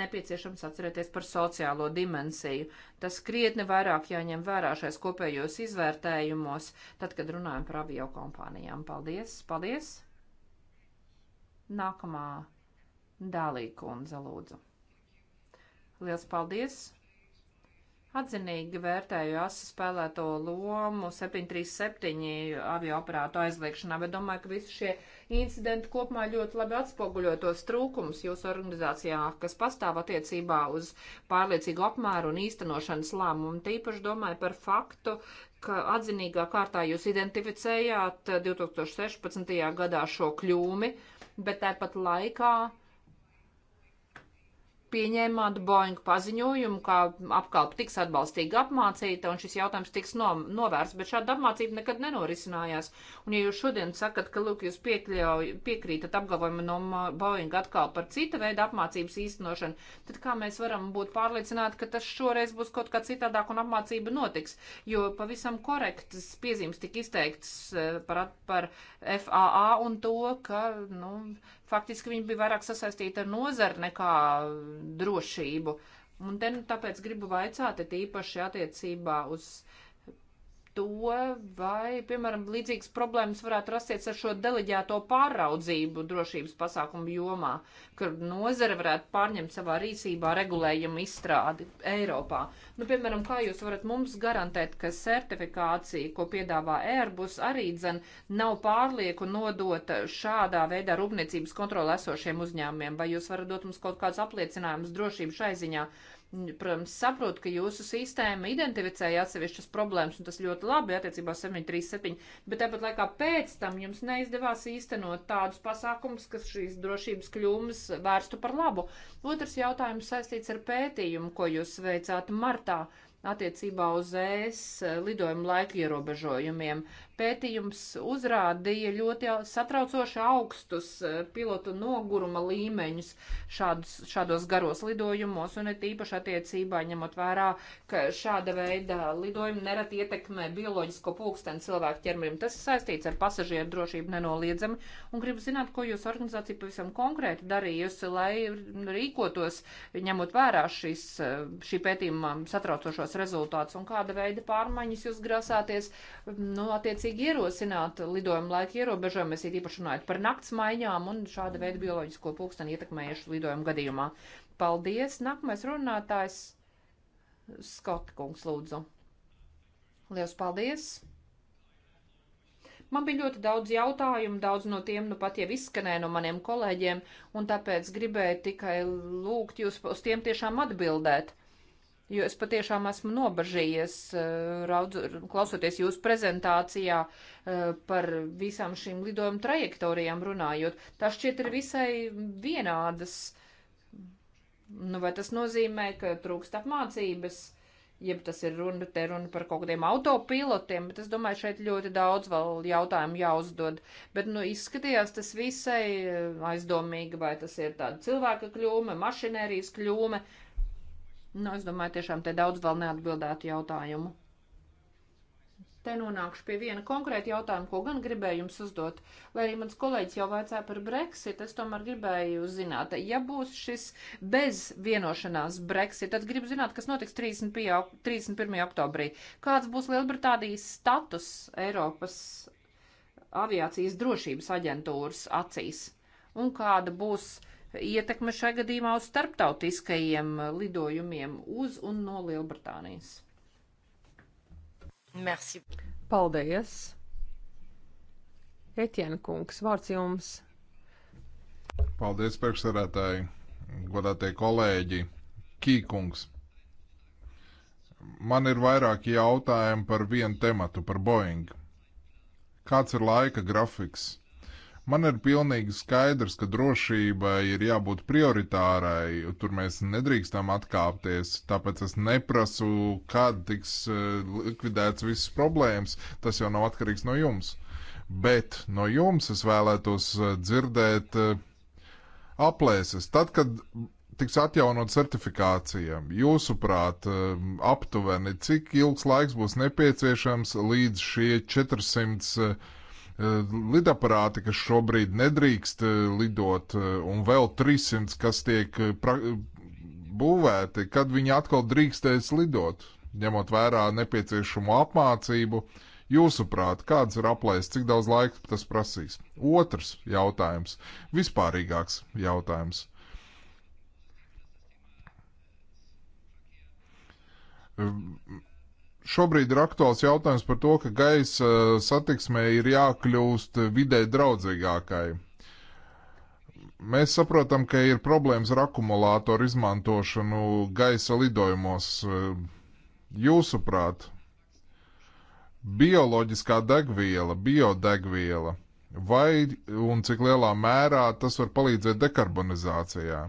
nepieciešams atcerēties par sociālo dimensiju. Tas krietni vairāk jāņem vērā šais kopējos izvērtējumos, tad, kad runājam par avio kompānijām. Paldies! Paldies! Nākamā Dālīja kundze lūdzu. Liels paldies! Atzinīgi vērtēju ASV spēlēto lomu 737 avio operātu aizliekšanā, bet domāju, ka visi šie incidenti kopumā ļoti labi atspoguļo tos trūkumus jūsu organizācijā, kas pastāv attiecībā uz pārliecīgu apmēru un īstenošanas lēmumu. Tīpaši domāju par faktu, ka atzinīgā kārtā jūs identificējāt 2016. Eh, gadā šo kļūmi, bet tāpat laikā pieņēmāt Boeing paziņojumu, ka apkalpa tiks atbalstīgi apmācīta un šis jautājums tiks no, novērsts, bet šāda apmācība nekad nenorisinājās. Un ja jūs šodien sakat, ka, lūk, jūs piekļauj, piekrītat apgalvojumu no Boeing atkal par cita veida apmācības īstenošanu, tad kā mēs varam būt pārliecināti, ka tas šoreiz būs kaut kā citādāk un apmācība notiks? Jo pavisam korektas piezīmes tika izteiktas eh, par, par FAA un to, ka, nu, Faktiski viņi bija vairāk sasaistīti ar nozari nekā drošību. Un te, nu, tāpēc gribu vaicāt, tīpaši attiecībā uz uh, to, vai, piemēram, līdzīgas problēmas varētu rasties ar šo deleģēto pāraudzību drošības pasākumu jomā, kur nozara varētu pārņemt savā rīcībā regulējumu izstrādi Eiropā. Nu, piemēram, kā jūs varat mums garantēt, ka certifikācija, ko piedāvā Airbus, arī dzen nav pārlieku nodota šādā veidā rūpniecības kontroli esošiem uzņēmumiem, vai jūs varat dot mums kaut kādus apliecinājumus drošību šai ziņā? Uh, Protams, saprotu, ka jūsu sistēma identificēja atsevišķas problēmas, un tas ļoti labi attiecībā 737, bet tāpat laikā pēc tam jums neizdevās īstenot tādus pasākumus, kas šīs drošības kļūmes vērstu par labu. Otrs jautājums saistīts ar pētījumu, ko jūs veicāt martā attiecībā uz ES lidojumu laika ierobežojumiem pētījums uzrādīja ļoti satraucoši augstus eh, pilotu noguruma līmeņus šādus, šādos garos lidojumos, un it īpaši attiecībā ņemot vērā, ka šāda veida lidojumi nereti ietekmē bioloģisko pulksteni cilvēku ķermenim. Tas ir saistīts ar pasažieru drošību nenoliedzami, un gribu zināt, ko jūs organizācija pavisam konkrēti darījusi, lai rīkotos, ņemot vērā šis, eh, šī pētījuma satraucošos rezultātus, un kāda veida pārmaiņas jūs grasāties, nu, attiecīgi attiecīgi ierosināt lidojuma laika ierobežojumus, ir īpaši runājot par nakts maiņām un šāda veida bioloģisko pulksteni ietekmējušu lidojumu gadījumā. Paldies! Nākamais runātājs Skota kungs, lūdzu. Lielas paldies! Man bija ļoti daudz jautājumu, daudz no tiem nu pat jau izskanēja no maniem kolēģiem, un tāpēc gribēju tikai lūgt jūs uz tiem tiešām atbildēt jo es patiešām esmu nobažījies, eh, raudz, klausoties jūsu prezentācijā eh, par visām šīm lidojuma trajektorijām runājot. Tā šķiet ir visai vienādas. Nu, vai tas nozīmē, ka trūkst apmācības? jeb tas ir runa, te runa par kaut kādiem autopilotiem, bet es domāju, šeit ļoti daudz vēl jautājumu jāuzdod. Bet, nu, izskatījās tas visai eh, aizdomīgi, vai tas ir tāda cilvēka kļūme, mašinērijas kļūme, Nu, es domāju, tiešām te daudz vēl neatbildētu jautājumu. Te nonākšu pie viena konkrēta jautājuma, ko gan gribēju jums uzdot. Lai arī mans kolēģis jau vaicāja par Brexit, es tomēr gribēju zināt, ja būs šis bez vienošanās Brexit, tad gribu zināt, kas notiks 35, 31. oktobrī. Kāds būs Lielbritānijas status Eiropas aviācijas drošības aģentūras acīs? Un kāda būs uh, ietekme šajā gadījumā uz starptautiskajiem lidojumiem uz un no Lielbritānijas. Merci. Paldies! Etienne kungs, vārds jums. Paldies, priekšsarētāji, godātie kolēģi, Kīkungs. Man ir vairāki jautājumi par vienu tematu, par Boeing. Kāds ir laika grafiks? Man ir pilnīgi skaidrs, ka drošība ir jābūt prioritārai, tur mēs nedrīkstam atkāpties, tāpēc es neprasu, kad tiks e, likvidēts visas problēmas, tas jau nav atkarīgs no jums. Bet no jums es vēlētos e, dzirdēt e, aplēses. Tad, kad tiks atjaunot certifikācijām. Jūsuprāt, aptuveni cik ilgs laiks būs nepieciešams līdz šie 400 Eh, lidaparāti, kas šobrīd nedrīkst eh, lidot, eh, un vēl 300, kas tiek būvēti, kad viņi atkal drīkstēs lidot, ņemot vērā nepieciešamo apmācību. Jūsuprāt, kāds ir aplēsts, cik daudz laika tas prasīs? Otrs jautājums, vispārīgāks jautājums. Šobrīd ir aktuāls jautājums par to, ka gaisa eh, satiksmē ir jākļūst eh, vidē draudzīgākai. Mēs saprotam, ka ir problēmas ar akumulātoru izmantošanu gaisa lidojumos. Eh, jūsuprāt, bioloģiskā degviela, biodegviela, vai un cik lielā mērā tas var palīdzēt dekarbonizācijā?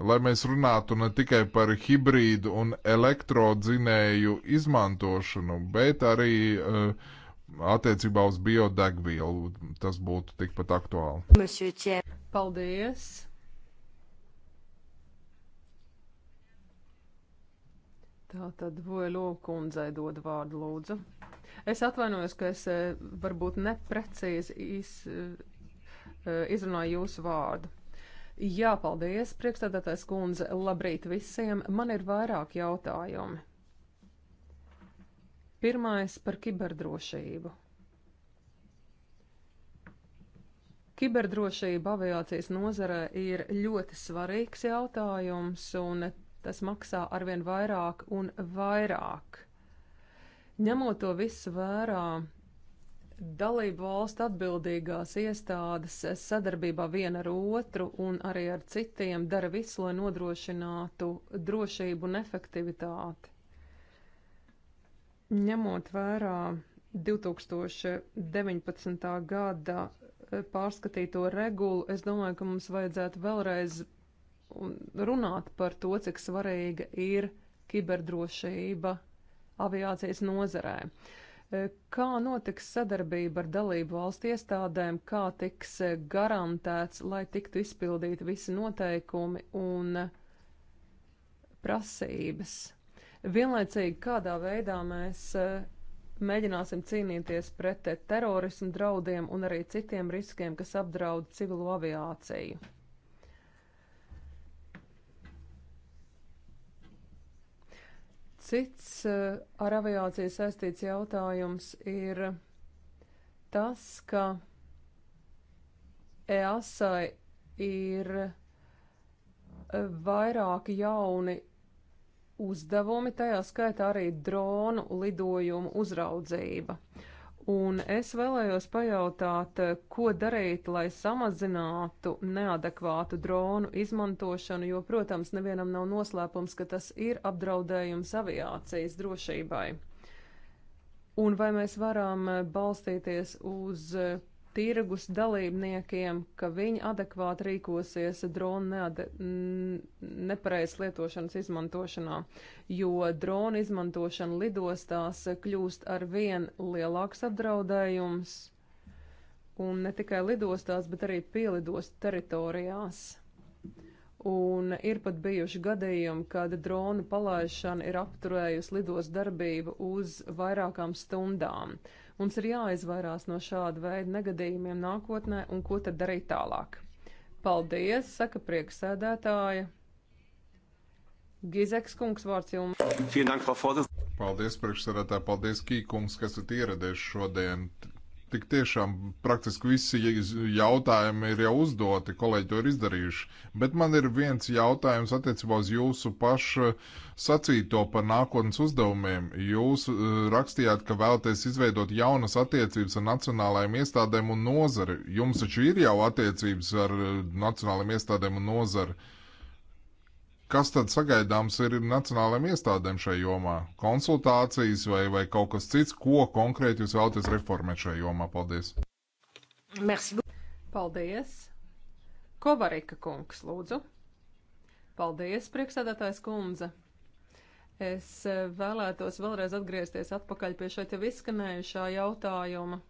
lai mēs runātu ne tikai par hibrīdu un elektrodzinēju izmantošanu, bet arī uh, attiecībā uz biodegvielu. Tas būtu tikpat aktuāli. Paldies! Tā tad Vojlo kundzei dod vārdu lūdzu. Es atvainojos, ka es eh, varbūt neprecīzi iz, eh, izrunāju jūsu vārdu. Jā, paldies, priekšstādātais kundze. Labrīt visiem. Man ir vairāk jautājumi. Pirmais par kiberdrošību. Kiberdrošība aviācijas nozarē ir ļoti svarīgs jautājums, un tas maksā arvien vairāk un vairāk. Ņemot to visu vērā, dalību valstu atbildīgās iestādes sadarbībā viena ar otru un arī ar citiem dara visu, lai nodrošinātu drošību un efektivitāti. Ņemot vērā 2019. gada eh, pārskatīto regulu, es domāju, ka mums vajadzētu vēlreiz runāt par to, cik svarīga ir kiberdrošība aviācijas nozarē. Uh, Kā notiks sadarbība ar dalību valstu iestādēm, kā tiks garantēts, lai tiktu izpildīti visi noteikumi un prasības? Vienlaicīgi, kādā veidā mēs e, mēģināsim cīnīties pret terorismu draudiem un arī citiem riskiem, kas apdraud civilu aviāciju? Cits eh, ar aviāciju saistīts jautājums ir tas, ka EASAI ir eh, vairāki jauni uzdevumi, tajā skaitā arī dronu lidojumu uzraudzība. Uh, Un es vēlējos pajautāt, ko darīt, lai samazinātu neadekvātu dronu izmantošanu, jo, protams, nevienam nav noslēpums, ka tas ir apdraudējums aviācijas drošībai. Un vai mēs varam balstīties uz tirgus dalībniekiem, ka viņi adekvāti rīkosies dronu neade, nepareizs lietošanas izmantošanā, jo dronu izmantošana lidostās kļūst ar vien lielāks apdraudējums, un ne tikai lidostās, bet arī pielidost teritorijās. Un ir pat bijuši gadījumi, kad drona palaišana ir apturējusi lidos darbību uz vairākām stundām. Uh, Mums ir jāizvairās no šāda veida negadījumiem nākotnē un ko tad darīt tālāk. Paldies, saka prieksēdētāja. Gizeks kungs vārds jums. Paldies, priekšsēdētāji, paldies Kīkungs, kas ir ieradies šodien. Tik tiešām praktiski visi jautājumi ir jau uzdoti, kolēģi to ir izdarījuši. Bet man ir viens jautājums attiecībā uz jūsu pašu sacīto par nākotnes uzdevumiem. Jūs uh, rakstījāt, ka vēlaties izveidot jaunas attiecības ar nacionālajiem iestādēm un nozari. Jums taču ir jau attiecības ar uh, nacionālajiem iestādēm un nozari. Uh, kas tad sagaidāms ir nacionālajiem iestādēm šajā jomā? Konsultācijas vai, vai kaut kas cits, ko konkrēti jūs vēlaties reformēt šajā jomā? Paldies! Merci. Paldies! Kovarika kungs, lūdzu! Paldies, priekšsēdētājs kundze! Es eh, vēlētos vēlreiz atgriezties atpakaļ pie šeit jau izskanējušā jautājuma.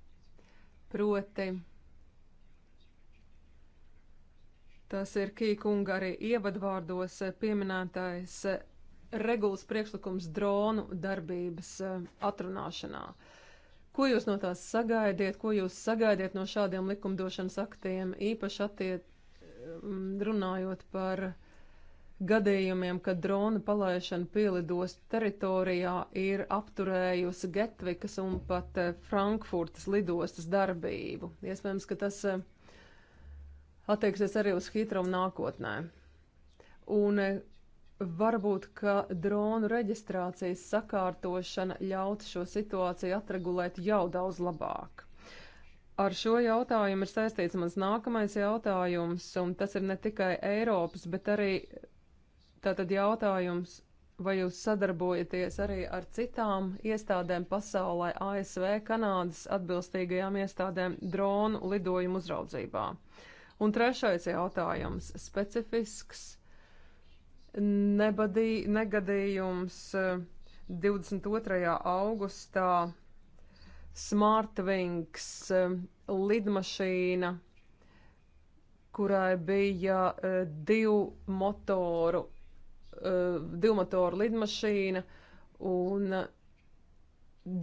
Proti, Tas ir Kīkunga arī ievadvārdos pieminētais eh, regulas priekšlikums dronu darbības eh, atrunāšanā. Ko jūs no tās sagaidiet, ko jūs sagaidiet no šādiem likumdošanas aktiem, īpaši attiec mm, runājot par gadījumiem, kad drona palaišana pielidos teritorijā ir apturējusi Getvikas un pat eh, Frankfurtas lidostas darbību. Iespējams, ka tas uh, attieksies arī uz hitrumu nākotnē. Un eh, varbūt, ka dronu reģistrācijas sakārtošana ļautu šo situāciju atregulēt jau daudz labāk. Ar šo jautājumu ir saistīts mans nākamais jautājums, un tas ir ne tikai Eiropas, bet arī tātad jautājums, vai jūs sadarbojaties arī ar citām iestādēm pasaulē, ASV, Kanādas atbilstīgajām iestādēm dronu lidojumu uzraudzībā. Uh, Un trešais jautājums - specifisks nebadī, negadījums 22. Eh, augustā Smartwings eh, lidmašīna, kurai bija eh, divu motoru, divu motoru lidmašīna un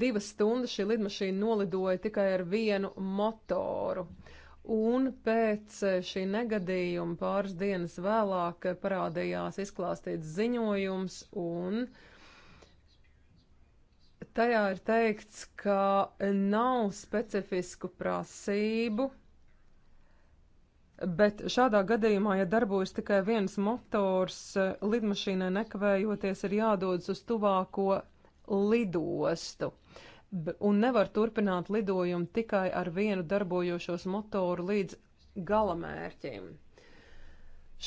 divas stundas šī lidmašīna nolidoja tikai ar vienu motoru. Un pēc šī negadījuma pāris dienas vēlāk parādījās izklāstīts ziņojums, un tajā ir teikts, ka nav specifisku prasību, bet šādā gadījumā, ja darbojas tikai viens motors, lidmašīnai nekavējoties ir jādodas uz tuvāko lidostu. Uh, un nevar turpināt lidojumu tikai ar vienu darbojošos motoru līdz galamērķim.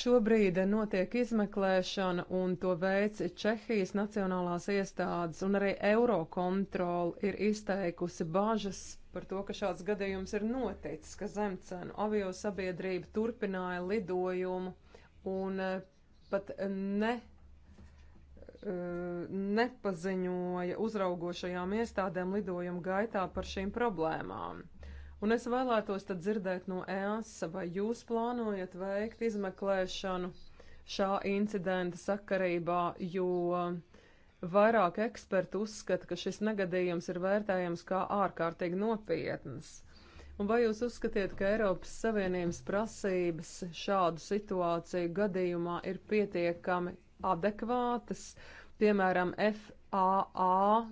Šobrīd notiek izmeklēšana, un to veic Čehijas nacionālās iestādes, un arī Eurokontrola ir izteikusi bažas par to, ka šāds gadījums ir noticis, ka zemcenu aviosabiedrība turpināja lidojumu un eh, pat ne E, nepaziņoja uzraugošajām iestādēm lidojuma gaitā par šīm problēmām. Un es vēlētos tad dzirdēt no EASA, vai jūs plānojat veikt izmeklēšanu šā incidenta sakarībā, jo vairāk eksperti uzskata, ka šis negadījums ir vērtējams kā ārkārtīgi nopietns. Un vai jūs uzskatiet, ka Eiropas Savienības prasības šādu situāciju gadījumā ir pietiekami adekvātas. Piemēram, FAA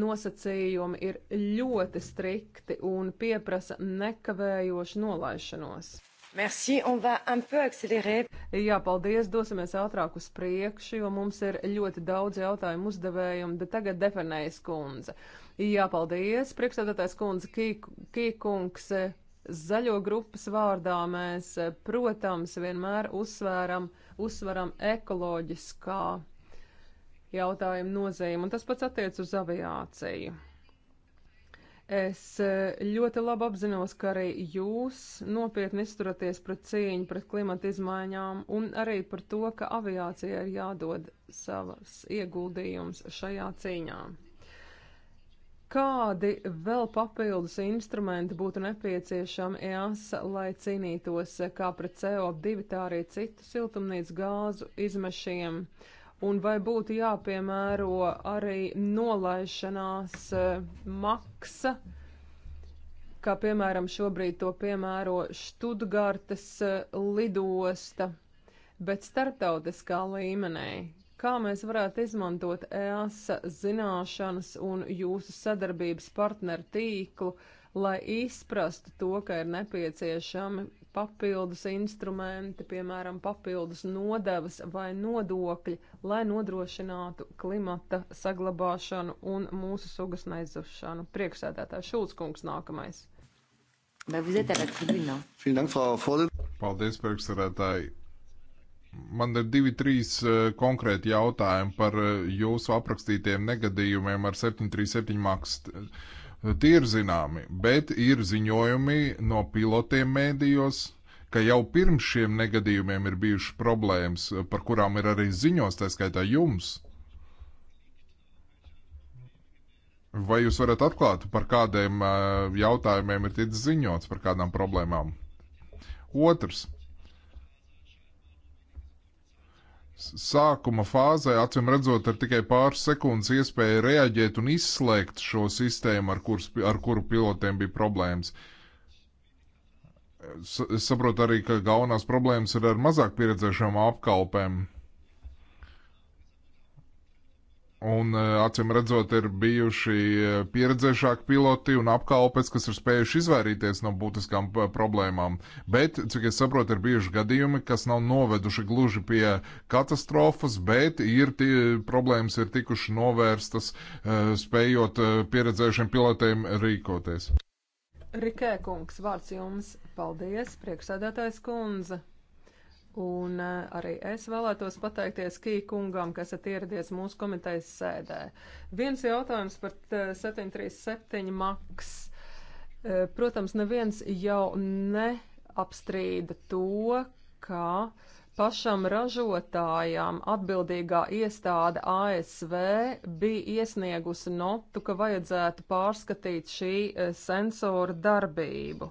nosacījumi ir ļoti strikti un pieprasa nekavējošu nolaišanos. Merci, on va un peu accélérer. Jā, paldies, dosimies ātrāk uz priekšu, jo mums ir ļoti daudz jautājumu uzdevējumu, bet tagad definējas kundze. Jā, paldies, priekšstādātais kundze Kīkungs, kī Zaļo grupas vārdā mēs, protams, vienmēr uzsvēram, uzsveram ekoloģiskā jautājuma nozīmi, un tas pats attiec uz aviāciju. Es eh, ļoti labi apzinos, ka arī jūs nopietni izturaties pret cīņu pret klimata izmaiņām un arī par to, ka aviācija ir jādod savas ieguldījums šajā cīņā. Kādi vēl papildus instrumenti būtu nepieciešami EASA, lai cīnītos eh, kā pret CO2, tā arī citu siltumnīcu gāzu izmešiem? Un vai būtu jāpiemēro arī nolaišanās eh, maksa, kā piemēram šobrīd to piemēro Študgartes eh, lidosta, bet starptautiskā līmenī, kā mēs varētu izmantot EASA zināšanas un jūsu sadarbības partneru tīklu, lai izprastu to, ka ir nepieciešami papildus instrumenti, piemēram, papildus nodevas vai nodokļi, lai nodrošinātu klimata saglabāšanu un mūsu sugas neizzušanu. Priekšsēdētā Šulckungs nākamais. Paldies, priekšsēdētāji! Man ir divi, trīs eh, konkrēti jautājumi par eh, jūsu aprakstītiem negadījumiem ar 737 maksu. Tie ir zināmi, bet ir ziņojumi no pilotiem mēdījos, ka jau pirms šiem negadījumiem ir bijušas problēmas, par kurām ir arī ziņos, tā skaitā jums. Vai jūs varat atklāt, par kādiem eh, jautājumiem ir ticis ziņots, par kādām problēmām? Otrs. sākuma fāzē, acīm redzot, ir tikai pāris sekundes iespēja reaģēt un izslēgt šo sistēmu, ar, kurs, ar kuru pilotiem bija problēmas. Es saprotu arī, ka galvenās problēmas ir ar mazāk pieredzējušām apkalpēm. Un, e, acīm redzot, ir bijuši e, pieredzējušāki piloti un apkalpes, kas ir spējuši izvairīties no būtiskām e, problēmām. Bet, cik es saprotu, ir bijuši gadījumi, kas nav noveduši gluži pie katastrofas, bet ir tie, problēmas ir tikuši novērstas, spējot pieredzējušiem pilotiem rīkoties. Rikē kungs, vārds jums. Paldies, priekšsēdētājs kundze. Un eh, arī es vēlētos pateikties Kī kungam, kas ir ieradies mūsu komitejas sēdē. Viens jautājums par 737 eh, maks. Eh, protams, neviens jau neapstrīda to, ka pašam ražotājam atbildīgā iestāde ASV bija iesniegusi notu, ka vajadzētu pārskatīt šī sensora darbību.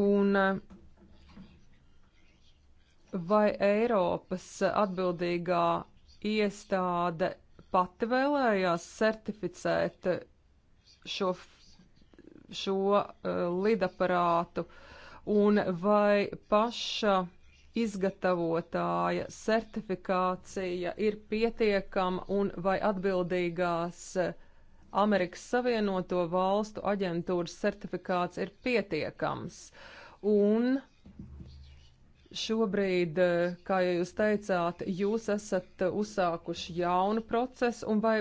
Un vai Eiropas atbildīgā iestāde pati vēlējās certificēt šo, šo uh, lidaparātu, un vai paša izgatavotāja certifikācija ir pietiekama, un vai atbildīgās uh, Amerikas Savienoto Valstu aģentūras certifikāts ir pietiekams. Un Šobrīd, eh, kā jau jūs teicāt, jūs esat uzsākuši jaunu procesu, un vai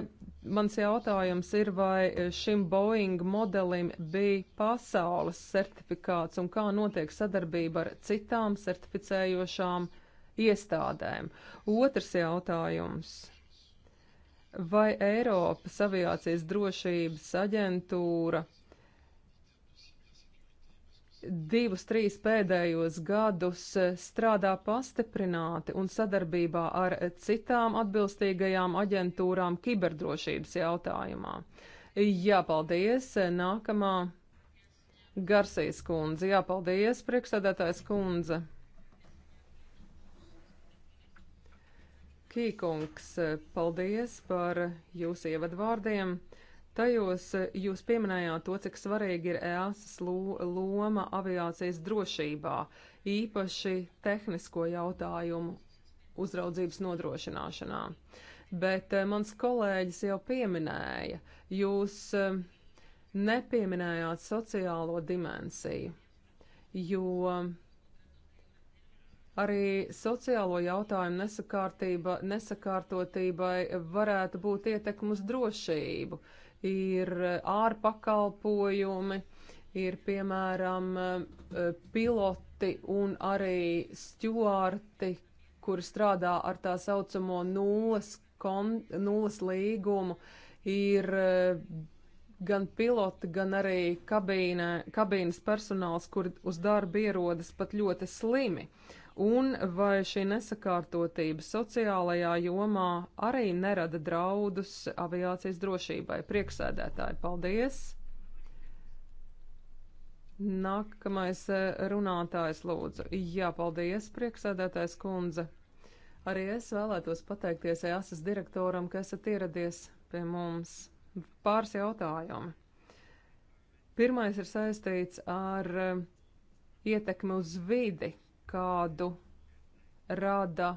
mans jautājums ir, vai eh, šim Boeing modelim bija pasaules certifikāts, un kā notiek sadarbība ar citām certificējošām iestādēm? Otrs jautājums. Vai Eiropas aviācijas drošības aģentūra divus, trīs pēdējos gadus eh, strādā pastiprināti un sadarbībā ar eh, citām atbilstīgajām aģentūrām kiberdrošības jautājumā. Jā, paldies. Eh, nākamā Garsīs kundze. Jā, paldies, priekšsēdētājs kundze. Kīkungs, paldies par jūsu ievadvārdiem. Tajos eh, jūs pieminējāt to, cik svarīgi ir EASAS loma aviācijas drošībā, īpaši tehnisko jautājumu uzraudzības nodrošināšanā. Bet eh, mans kolēģis jau pieminēja, jūs eh, nepieminējāt sociālo dimensiju, jo Arī sociālo jautājumu nesakārtība, nesakārtotībai varētu būt ietekme uz drošību ir eh, ārpakalpojumi, ir piemēram eh, piloti un arī stjuārti, kuri strādā ar tā saucamo nulles, kon, nulles līgumu, ir eh, gan piloti, gan arī kabīne, kabīnes personāls, kur uz darbu ierodas pat ļoti slimi. Uh, un vai šī nesakārtotība sociālajā jomā arī nerada draudus aviācijas drošībai. Prieksēdētāji, paldies! Nākamais eh, runātājs lūdzu. Jā, paldies, prieksēdētājs kundze. Arī es vēlētos pateikties EASAS direktoram, ka esat ieradies pie mums. Pāris jautājumi. Pirmais ir saistīts ar eh, ietekmi uz vidi kādu rada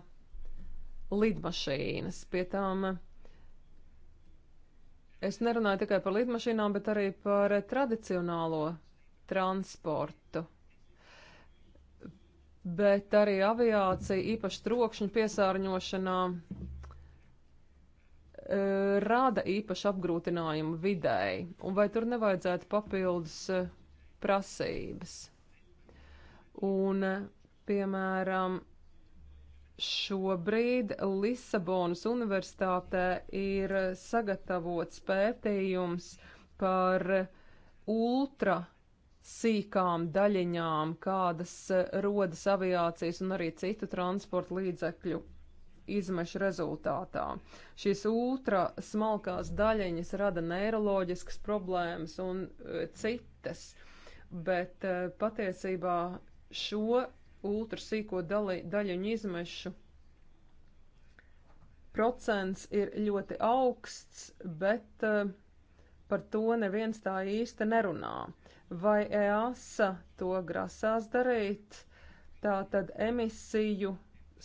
lidmašīnas. Pie tām es nerunāju tikai par lidmašīnām, bet arī par tradicionālo transportu. Bet arī aviācija, īpaši trokšņu piesārņošanā, e, rada īpaši apgrūtinājumu vidēji, un vai tur nevajadzētu papildus e, prasības. Un Piemēram, šobrīd Lisabonas universitātē ir sagatavots pētījums par ultra sīkām daļiņām, kādas rodas aviācijas un arī citu transporta līdzekļu izmešu rezultātā. Šīs ultra smalkās daļiņas rada neiroloģiskas problēmas un e, citas, bet e, patiesībā šo ultrasīko daļiņu izmešu procents ir ļoti augsts, bet uh, par to neviens tā īsti nerunā. Vai EASA to grasās darīt? Tā tad emisiju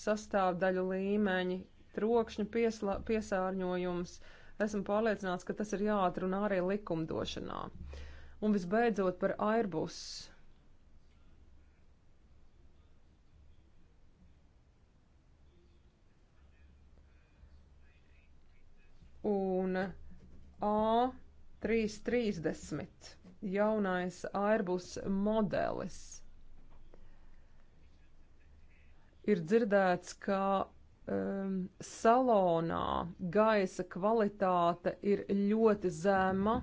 sastāvdaļu līmeņi, trokšņa piesla, piesārņojums. Esmu pārliecināts, ka tas ir jāatrunā arī likumdošanā. Un visbeidzot par Airbus un A330 jaunais Airbus modelis. Ir dzirdēts, ka um, salonā gaisa kvalitāte ir ļoti zema,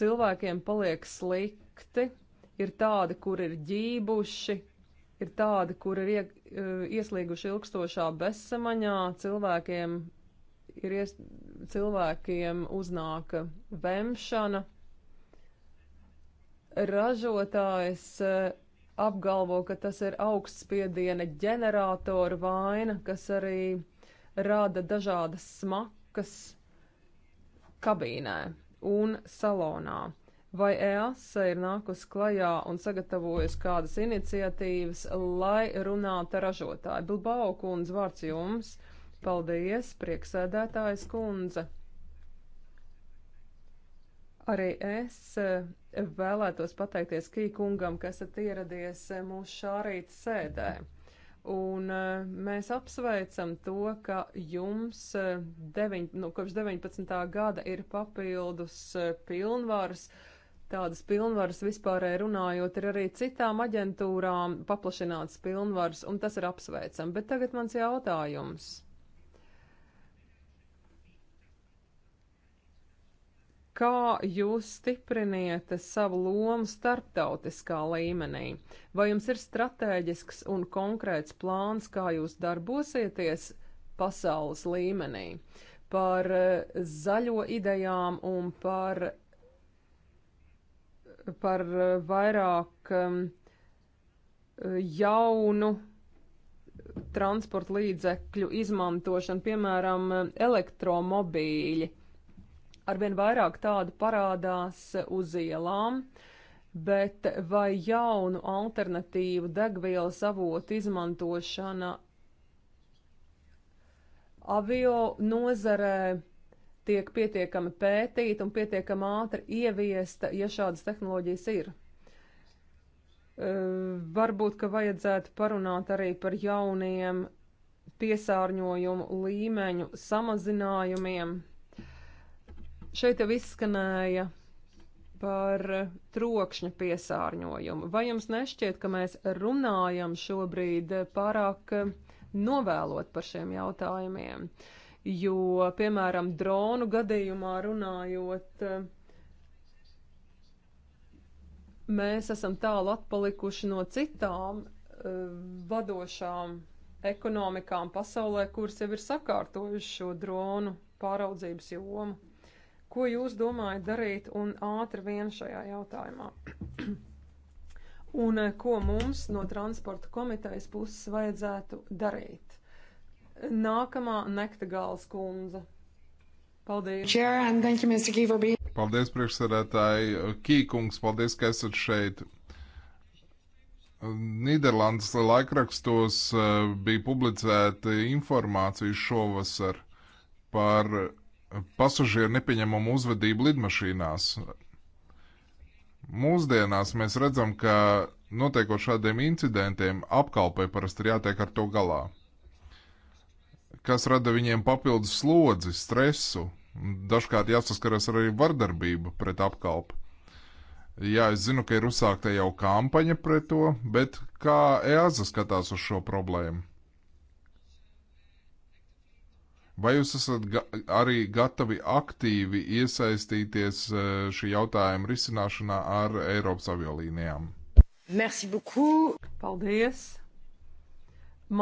cilvēkiem paliek slikti, ir tādi, kur ir ģībuši, ir tādi, kur ir ie, uh, ieslīguši ilgstošā besamaņā, cilvēkiem ir ies, cilvēkiem uznāk vemšana. Ražotājs eh, apgalvo, ka tas ir augstspiediena ģeneratoru vaina, kas arī rada dažādas smakas kabīnē un salonā. Vai EASA ir nākus klajā un sagatavojusi kādas iniciatīvas, lai runātu ražotāji? Bilbao kundze, vārds jums! Uh, Paldies, prieksēdētājs kundze. Arī es eh, vēlētos pateikties Kīkungam, kas esat ieradies eh, mūsu šā rīta sēdē. Un eh, mēs apsveicam to, ka jums deviņ, nu, kopš 19. gada ir papildus pilnvaras. Tādas pilnvaras vispārēji runājot ir arī citām aģentūrām paplašināts pilnvaras, un tas ir apsveicam. Bet tagad mans jautājums. Kā jūs stipriniet savu lomu starptautiskā līmenī? Vai jums ir strateģisks un konkrēts plāns, kā jūs darbosieties pasaules līmenī? Par eh, zaļo idejām un par, par eh, vairāk ehm, jaunu transporta līdzekļu izmantošanu, piemēram, elektromobīļi arvien vairāk tādu parādās uz ielām, bet vai jaunu alternatīvu degvielas avotu izmantošana avio nozarē tiek pietiekami pētīta un pietiekami ātri ieviesta, ja šādas tehnoloģijas ir. Varbūt, ka vajadzētu parunāt arī par jauniem piesārņojumu līmeņu samazinājumiem. Šeit jau izskanēja par trokšņa piesārņojumu. Vai jums nešķiet, ka mēs runājam šobrīd pārāk novēlot par šiem jautājumiem? Jo, piemēram, dronu gadījumā runājot, mēs esam tālu atpalikuši no citām uh, vadošām ekonomikām pasaulē, kuras jau ir sakārtojušas šo dronu pāraudzības jomu. Ko jūs domājat darīt un ātri vien šajā jautājumā? (clears throat) un eh, ko mums no transporta komitejas puses vajadzētu darīt? Nākamā nekta gāls kundze. Paldies! Chair, and thank you, Mr. Key, for being... Paldies, priekšsēdētāji. Kīkungs, paldies, ka esat šeit. Nīderlandes laikrakstos eh, bija publicēta informācija šovasar par pasažieru nepieņemamu uzvedību lidmašīnās. Mūsdienās mēs redzam, ka notiekot šādiem incidentiem, apkalpē parasti ir jātiek ar to galā. Kas rada viņiem papildus slodzi, stresu, dažkārt jāsaskaras arī vardarbība pret apkalpi. Jā, es zinu, ka ir uzsākta jau kampaņa pret to, bet kā EASA skatās uz šo problēmu? Vai jūs esat ga arī gatavi aktīvi iesaistīties e, šī jautājuma risināšanā ar Eiropas aviolīnijām? Merci beaucoup! Paldies!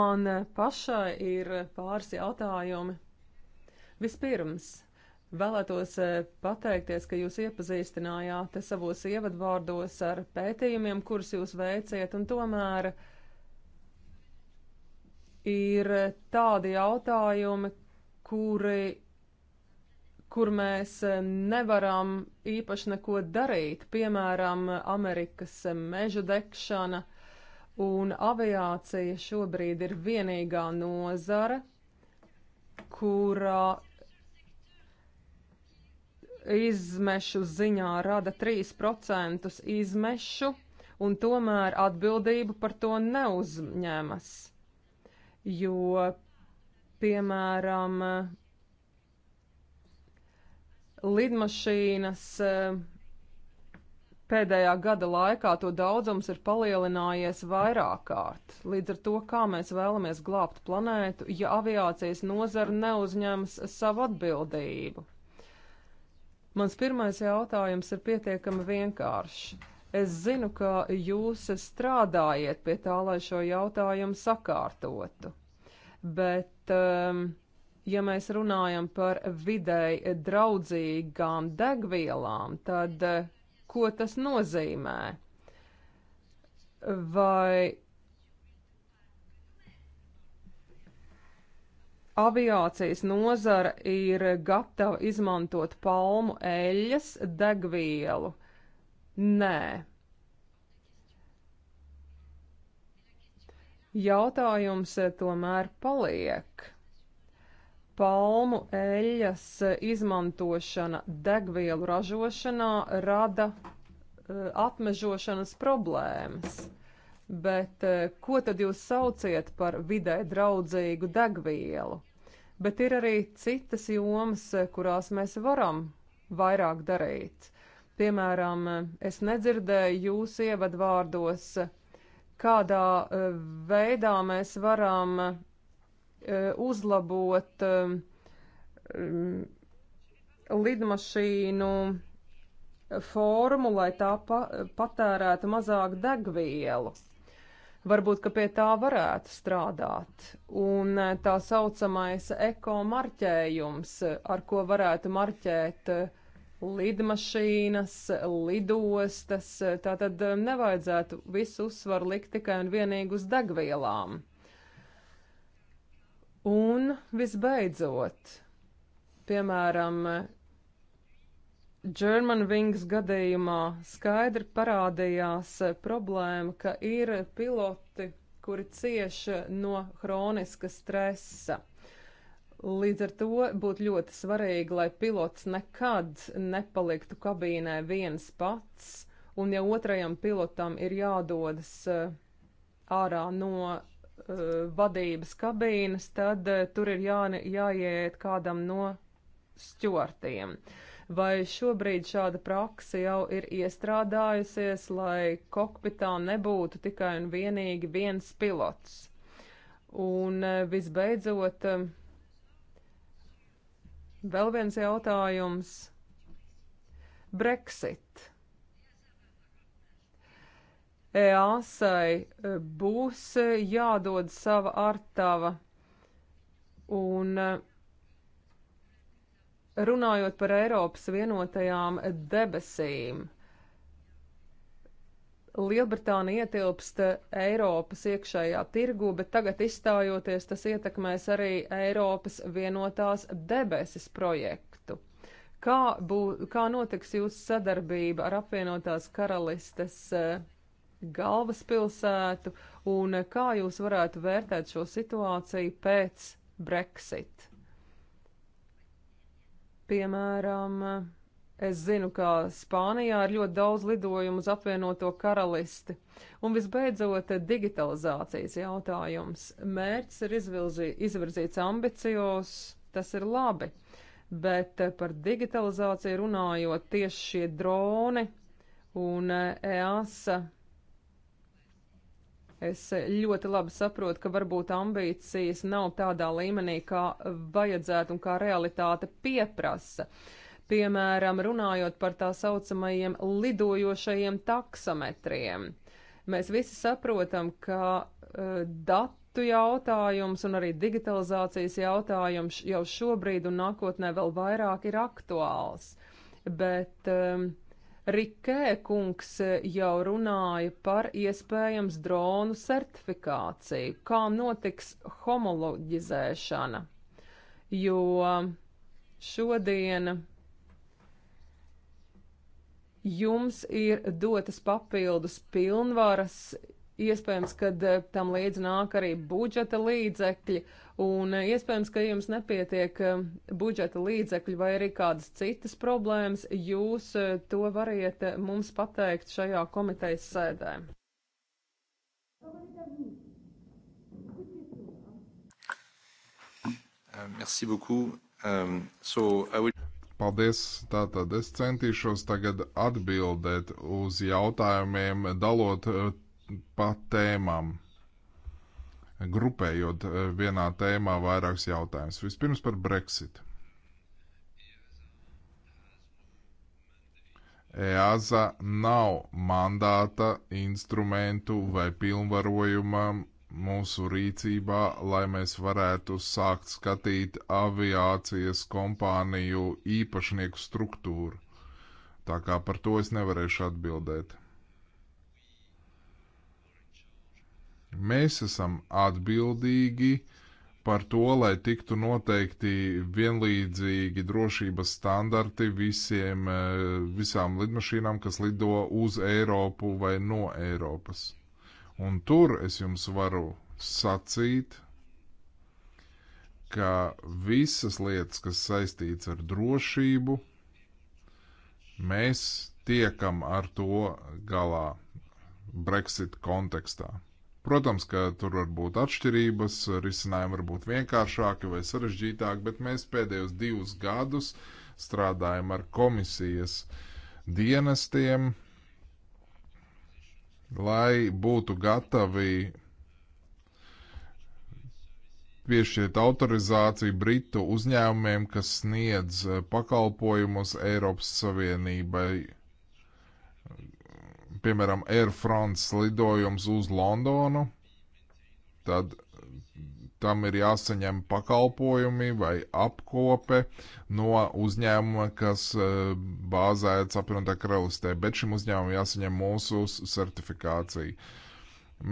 Man pašai ir pāris jautājumi. Vispirms, Vēlētos e, pateikties, ka jūs iepazīstinājāt savos ievadvārdos ar pētījumiem, kurus jūs veiciet, un tomēr ir tādi jautājumi, kuri, kur mēs eh, nevaram īpaši neko darīt, piemēram, Amerikas eh, meža degšana un aviācija šobrīd ir vienīgā nozara, kurā izmešu ziņā rada 3% izmešu, un tomēr atbildību par to neuzņemas. Jo piemēram, lidmašīnas pēdējā gada laikā to daudzums ir palielinājies vairāk kārt. Līdz ar to, kā mēs vēlamies glābt planētu, ja aviācijas nozara neuzņems savu atbildību. Mans pirmais jautājums ir pietiekami vienkāršs. Es zinu, ka jūs strādājiet pie tā, lai šo jautājumu sakārtotu, bet Um, ja mēs runājam par videi draudzīgām degvielām, tad eh, ko tas nozīmē? Vai aviācijas nozara ir gatava izmantot palmu eļļas degvielu? Nē, Jautājums eh, tomēr paliek. Palmu eļas eh, izmantošana degvielu ražošanā rada eh, apmežošanas problēmas. Bet ko tad jūs sauciet par vidē draudzīgu degvielu? Bet ir arī citas jomas, kurās mēs varam vairāk darīt. Piemēram, es nedzirdēju jūsu ievadvārdos kādā e, veidā mēs varam e, uzlabot e, lidmašīnu formu, lai tā pa, patērētu mazāk degvielu. Varbūt, ka pie tā varētu strādāt. Un tā saucamais ekomarķējums, ar ko varētu marķēt uh, lidmašīnas, lidostas. Tātad eh, nevajadzētu visu uzsvaru likt tikai un vienīgi uz degvielām. Un visbeidzot, piemēram, German Wings gadījumā skaidri parādījās problēma, ka ir piloti, kuri cieši no hroniska stresa. Līdz ar to būtu ļoti svarīgi, lai pilots nekad nepaliktu kabīnē viens pats, un ja otrajam pilotam ir jādodas eh, ārā no eh, vadības kabīnes, tad eh, tur ir jā, jāiet kādam no stjortiem. Vai šobrīd šāda praksa jau ir iestrādājusies, lai kokpitā nebūtu tikai un vienīgi viens pilots? Un visbeidzot, Vēl viens jautājums. Brexit. EASai e, būs e, jādod sava artava. Un e, runājot par Eiropas vienotajām debesīm, Lielbritānija ietilpst Eiropas iekšējā tirgu, bet tagad izstājoties tas ietekmēs arī Eiropas vienotās debesis projektu. Kā, bū, kā notiks jūsu sadarbība ar apvienotās karalistes eh, galvaspilsētu un kā jūs varētu vērtēt šo situāciju pēc Brexit? Piemēram, Es zinu, ka Spānijā ir ļoti daudz lidojumu uz apvienoto karalisti. Un visbeidzot, digitalizācijas jautājums. Mērķis ir izvilzi, izvirzīts ambicios, tas ir labi. Bet par digitalizāciju runājot tieši šie droni un EASA. Eh, e es ļoti labi saprotu, ka varbūt ambīcijas nav tādā līmenī, kā vajadzētu un kā realitāte pieprasa. Uh, piemēram, runājot par tā saucamajiem lidojošajiem taksometriem. Mēs visi saprotam, ka uh, e, dati citu jautājums un arī digitalizācijas jautājums jau šobrīd un nākotnē vēl vairāk ir aktuāls. Bet um, Rikē kungs jau runāja par iespējams dronu certifikāciju, kā notiks homoloģizēšana, jo šodien jums ir dotas papildus pilnvaras, iespējams, ka eh, tam līdzi nāk arī budžeta līdzekļi, un eh, iespējams, ka jums nepietiek eh, budžeta līdzekļi vai arī kādas citas problēmas, jūs to variet mums pateikt šajā komitejas sēdē. Euh, merci beaucoup. Um, so I would... Paldies. Tātad es centīšos tagad atbildēt uz jautājumiem, dalot eh, pa tēmām, grupējot eh, vienā tēmā vairākus jautājumus. Vispirms par Brexit. EASA nav mandāta, instrumentu vai pilnvarojumam mūsu rīcībā, lai mēs varētu sākt skatīt aviācijas kompāniju īpašnieku struktūru. Tā kā par to es nevarēšu atbildēt. Mēs esam atbildīgi par to, lai tiktu noteikti vienlīdzīgi drošības standarti visiem, eh, visām lidmašīnām, kas lido uz Eiropu vai no Eiropas. Un tur es jums varu sacīt, ka visas lietas, kas saistīts ar drošību, mēs tiekam ar to galā Brexit kontekstā. Protams, ka tur var būt atšķirības, risinājumi var būt vienkāršāki vai sarežģītāki, bet mēs pēdējos divus gadus strādājam ar komisijas dienestiem, lai būtu gatavi piešķirt autorizāciju Britu uzņēmumiem, kas sniedz eh, pakalpojumus Eiropas Savienībai. Piemēram, Air France lidojums uz Londonu, tad tam ir jāsaņem pakalpojumi vai apkope no uzņēmuma, kas e, bāzēts apvienotā karalistē, bet šim uzņēmumam jāsaņem mūsu certifikācija.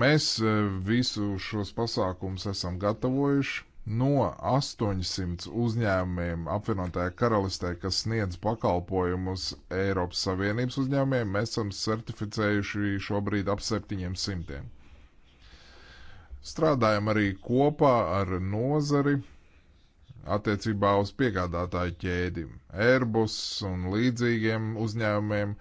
Mēs e, visu šos pasākumus esam gatavojuši. No 800 uzņēmumiem apvienotajā karalistē, kas sniedz pakalpojumus Eiropas Savienības uzņēmumiem, mēs esam certificējuši šobrīd ap 700. Strādājam arī kopā ar nozari attiecībā uz piegādātāju ķēdi, Airbus un līdzīgiem uzņēmumiem,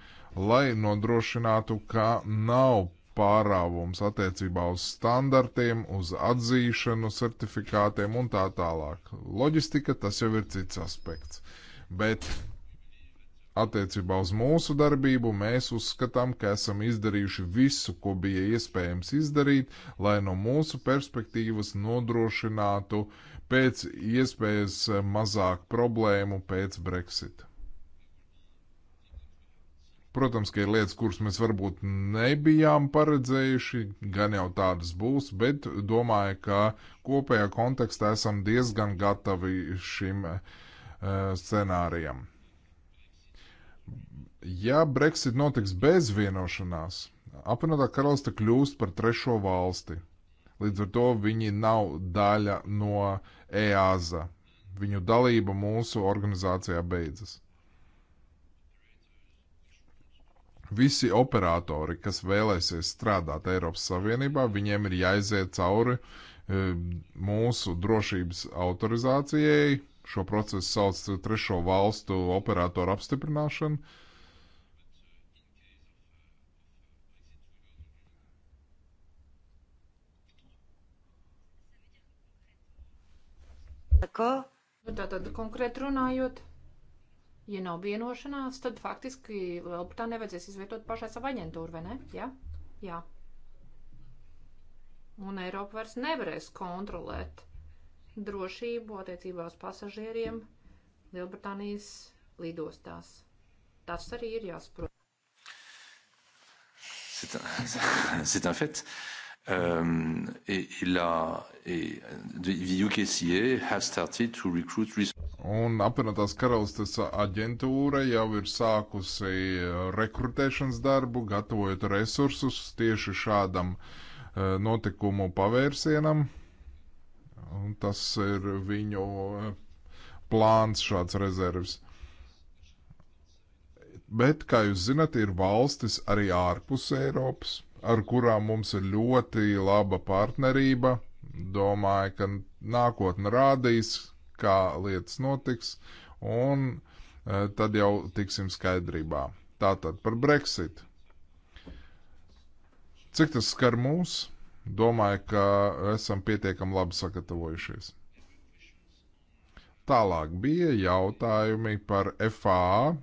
lai nodrošinātu, ka nav pārāvums attiecībā uz standartiem, uz atzīšanu, certifikātiem un tā tālāk. Loģistika tas jau ir cits aspekts. Bet Attiecībā uz mūsu darbību mēs uzskatām, ka esam izdarījuši visu, ko bija iespējams izdarīt, lai no mūsu perspektīvas nodrošinātu pēc iespējas mazāk problēmu pēc Brexit. Protams, ka ir lietas, kuras mēs varbūt nebijām paredzējuši, gan jau tādas būs, bet domāju, ka kopējā kontekstā esam diezgan gatavi šim uh, scenārijam. Ja Brexit notiks bez vienošanās, apvienotā karaliste kļūst par trešo valsti. Līdz ar to viņi nav daļa no EASA. Viņu dalība mūsu organizācijā beidzas. Visi operatori, kas vēlēsies strādāt Eiropas Savienībā, viņiem ir jāiziet cauri eh, mūsu drošības autorizācijai, šo procesu sauc trešo valstu operatoru apstiprināšanu. Ko? Nu, tātad konkrēti runājot, ja nav vienošanās, tad faktiski Lielbritānija nevajadzēs izvietot pašai savu aģentūru, vai ne? Jā? Jā. Un Eiropa vairs nevarēs kontrolēt drošību attiecībā uz pasažieriem Lielbritānijas lidostās. Tas arī ir jāsaprot. C'est un (laughs) fait. Um, et, et la, et the UKCA has started to recruit Un apvienotās karalistes aģentūra jau ir sākusi uh, rekrutēšanas darbu, gatavojot resursus tieši šādam uh, notikumu pavērsienam. Un tas ir viņu eh, plāns šāds rezerves. Bet, kā jūs zinat, ir valstis arī ārpus Eiropas, ar kurām mums ir ļoti laba partnerība. Domāju, ka nākotne rādīs, kā lietas notiks, un eh, tad jau tiksim skaidrībā. Tātad par Brexit. Cik tas skar mūsu? Domāju, ka esam pietiekami labi sagatavojušies. Tālāk bija jautājumi par FAA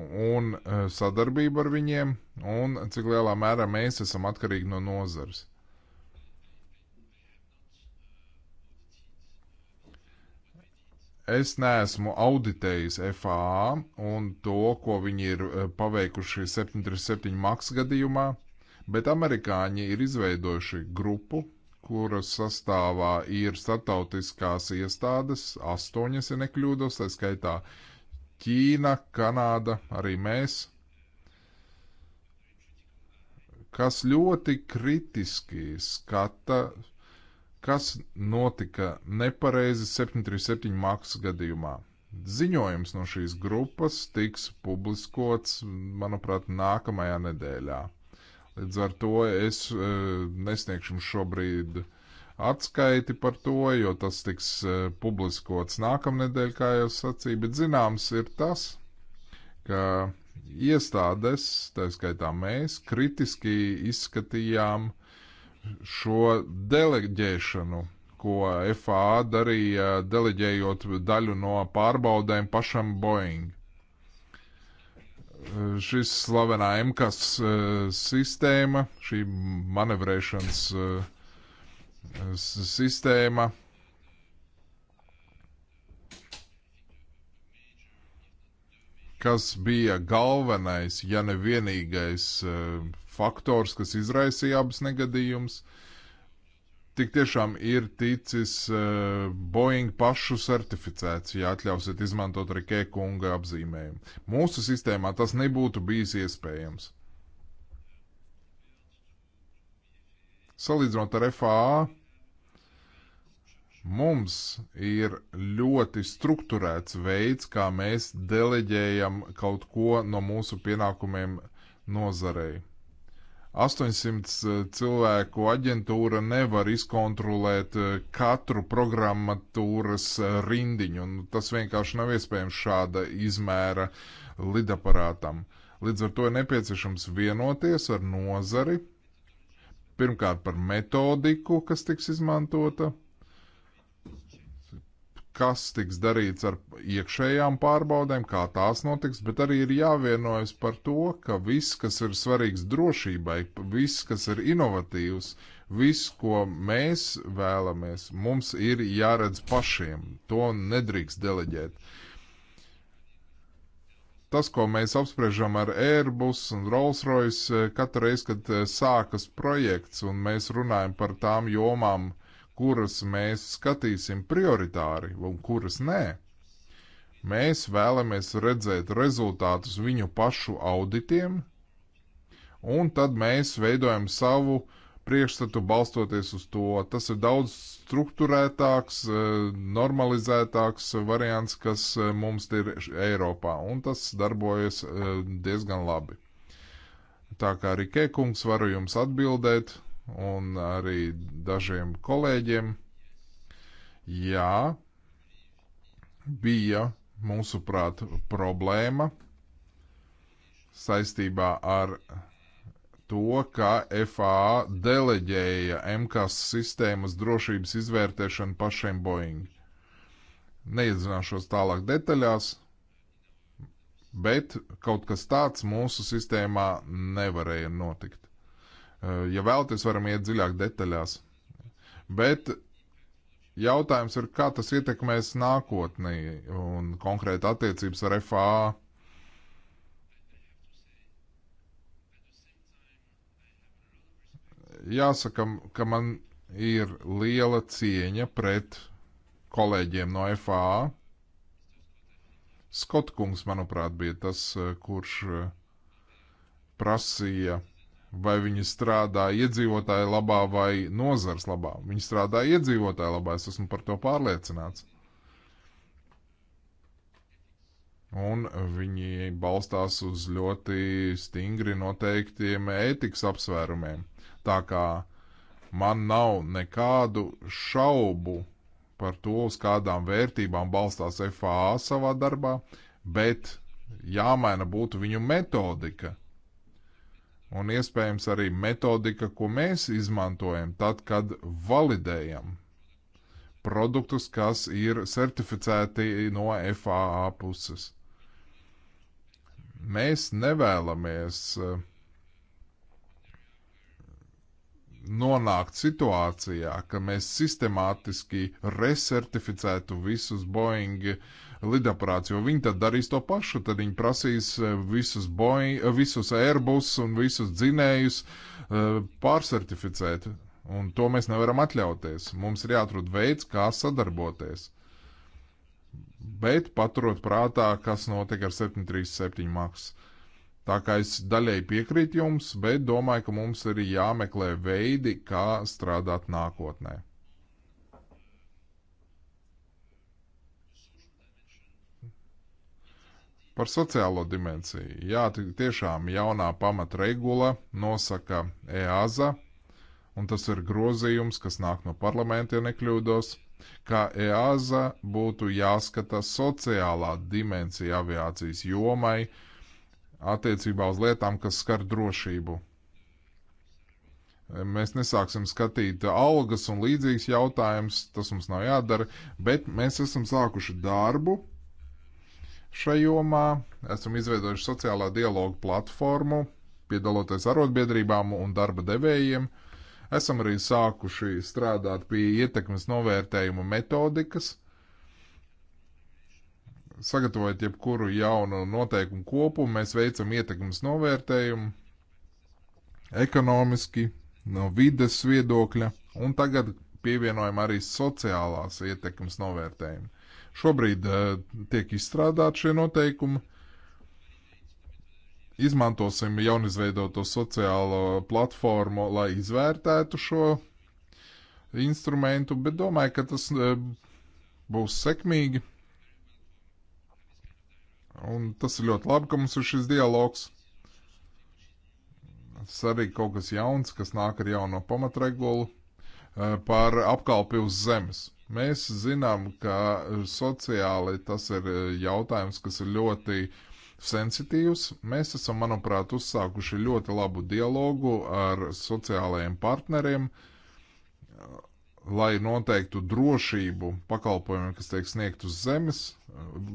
un eh, sadarbību ar viņiem, un cik lielā mērā mēs esam atkarīgi no nozares. Es neesmu auditējis FAA un to, ko viņi ir eh, paveikuši 737 maks gadījumā, bet amerikāņi ir izveidojuši grupu, kuras sastāvā ir startautiskās iestādes, astoņas, ja nekļūdos, tā skaitā Ķīna, Kanāda, arī mēs, kas ļoti kritiski skata kas notika nepareizi 737 maksu gadījumā. Ziņojums no šīs grupas tiks publiskots, manuprāt, nākamajā nedēļā. Līdz ar to es e, nesniegšu jums šobrīd atskaiti par to, jo tas tiks e, publiskots nākamnedēļ, kā jau sacīju, bet zināms ir tas, ka iestādes, tā skaitā mēs, kritiski izskatījām šo deleģēšanu, ko FAA darīja, deleģējot daļu no pārbaudēm pašam Boeing. Eh, šis slavenā MKS eh, sistēma, šī manevrēšanas eh, sistēma, kas bija galvenais, ja ne vienīgais faktors, kas izraisīja abas negadījumus. Tik tiešām ir ticis uh, Boeing pašu certificēts, ja atļausiet izmantot arī Kekunga apzīmējumu. Mūsu sistēmā tas nebūtu bijis iespējams. Salīdzinot ar FAA, mums ir ļoti strukturēts veids, kā mēs deleģējam kaut ko no mūsu pienākumiem nozarei. 800 eh, cilvēku aģentūra nevar izkontrolēt eh, katru programmatūras eh, rindiņu, un tas vienkārši nav iespējams šāda izmēra lidaparātam. Līdz ar to ir nepieciešams vienoties ar nozari, pirmkārt par metodiku, kas tiks izmantota, kas tiks darīts ar iekšējām pārbaudēm, kā tās notiks, bet arī ir jāvienojas par to, ka viss, kas ir svarīgs drošībai, viss, kas ir inovatīvs, viss, ko mēs vēlamies, mums ir jāredz pašiem. To nedrīkst deleģēt. Tas, ko mēs apspriežam ar Airbus un Rolls-Royce, katru reizi, kad eh, sākas projekts un mēs runājam par tām jomām, uh, kuras mēs skatīsim prioritāri un kuras nē. Mēs vēlamies redzēt rezultātus viņu pašu auditiem, un tad mēs veidojam savu priekšstatu balstoties uz to. Tas ir daudz struktūrētāks, eh, normalizētāks variants, kas eh, mums ir Eiropā, un tas darbojas eh, diezgan labi. Tā kā Rikē kungs varu jums atbildēt, un arī dažiem kolēģiem. Jā, bija mūsuprāt problēma saistībā ar to, ka FAA deleģēja MKS sistēmas drošības izvērtēšanu pašiem Boeing. Neiedzināšos tālāk detaļās, bet kaut kas tāds mūsu sistēmā nevarēja notikt. Eh, ja vēlaties, varam iet dziļāk detaļās. Bet jautājums ir, kā tas ietekmēs nākotnī un konkrēti attiecības ar FA. Jāsaka, ka man ir liela cieņa pret kolēģiem no FA. Skotkungs, manuprāt, bija tas, eh, kurš eh, prasīja vai viņi strādā iedzīvotāju labā vai nozars labā. Viņi strādā iedzīvotāju labā, es esmu par to pārliecināts. Un viņi balstās uz ļoti stingri noteiktiem ētikas apsvērumiem. Tā kā man nav nekādu šaubu par to, uz kādām vērtībām balstās FAA savā darbā, bet jāmaina būtu viņu metodika un iespējams arī metodika, ko mēs izmantojam tad, kad validējam produktus, kas ir certificēti no FAA puses. Mēs nevēlamies uh, nonākt situācijā, ka mēs sistemātiski resertificētu visus Boeing lidaparāts, jo viņi tad darīs to pašu, tad viņi prasīs eh, visus, Boeing, eh, visus Airbus un visus dzinējus eh, pārsertificēt. Un to mēs nevaram atļauties. Mums ir jāatrod veids, kā sadarboties. Bet paturot prātā, kas notiek ar 737 maksu. Tā kā es daļai piekrītu jums, bet domāju, ka mums ir jāmeklē veidi, kā strādāt nākotnē. Par sociālo dimensiju. Jā, tiešām jaunā pamatregula nosaka EASA, un tas ir grozījums, kas nāk no parlamenta, ja nekļūdos, ka EASA būtu jāskata sociālā dimensija aviācijas jomai, uh, attiecībā uz lietām, kas skar drošību. Mēs nesāksim skatīt algas un līdzīgas jautājumus, tas mums nav jādara, bet mēs esam sākuši darbu šajā jomā, esam izveidojuši sociālā dialoga platformu, piedaloties arotbiedrībām un darba devējiem. Esam arī sākuši strādāt pie ietekmes novērtējuma metodikas, sagatavojot jebkuru jaunu noteikumu kopumu, mēs veicam ietekmes novērtējumu ekonomiski, no vides viedokļa, un tagad pievienojam arī sociālās ietekmes novērtējumu. Šobrīd uh, tiek izstrādāti šie noteikumi. Izmantosim jaunizveidoto sociālo platformu, lai izvērtētu šo instrumentu, bet domāju, ka tas uh, būs sekmīgi Un tas ir ļoti labi, ka mums ir šis dialogs. Tas arī kaut kas jauns, kas nāk ar jauno pamatregulu eh, par apkalpi uz zemes. Mēs zinām, ka sociāli tas ir eh, jautājums, kas ir ļoti sensitīvs. Mēs esam, manuprāt, uzsākuši ļoti labu dialogu ar sociālajiem partneriem. Uh, lai noteiktu drošību pakalpojumiem, kas tiek sniegt uz zemes,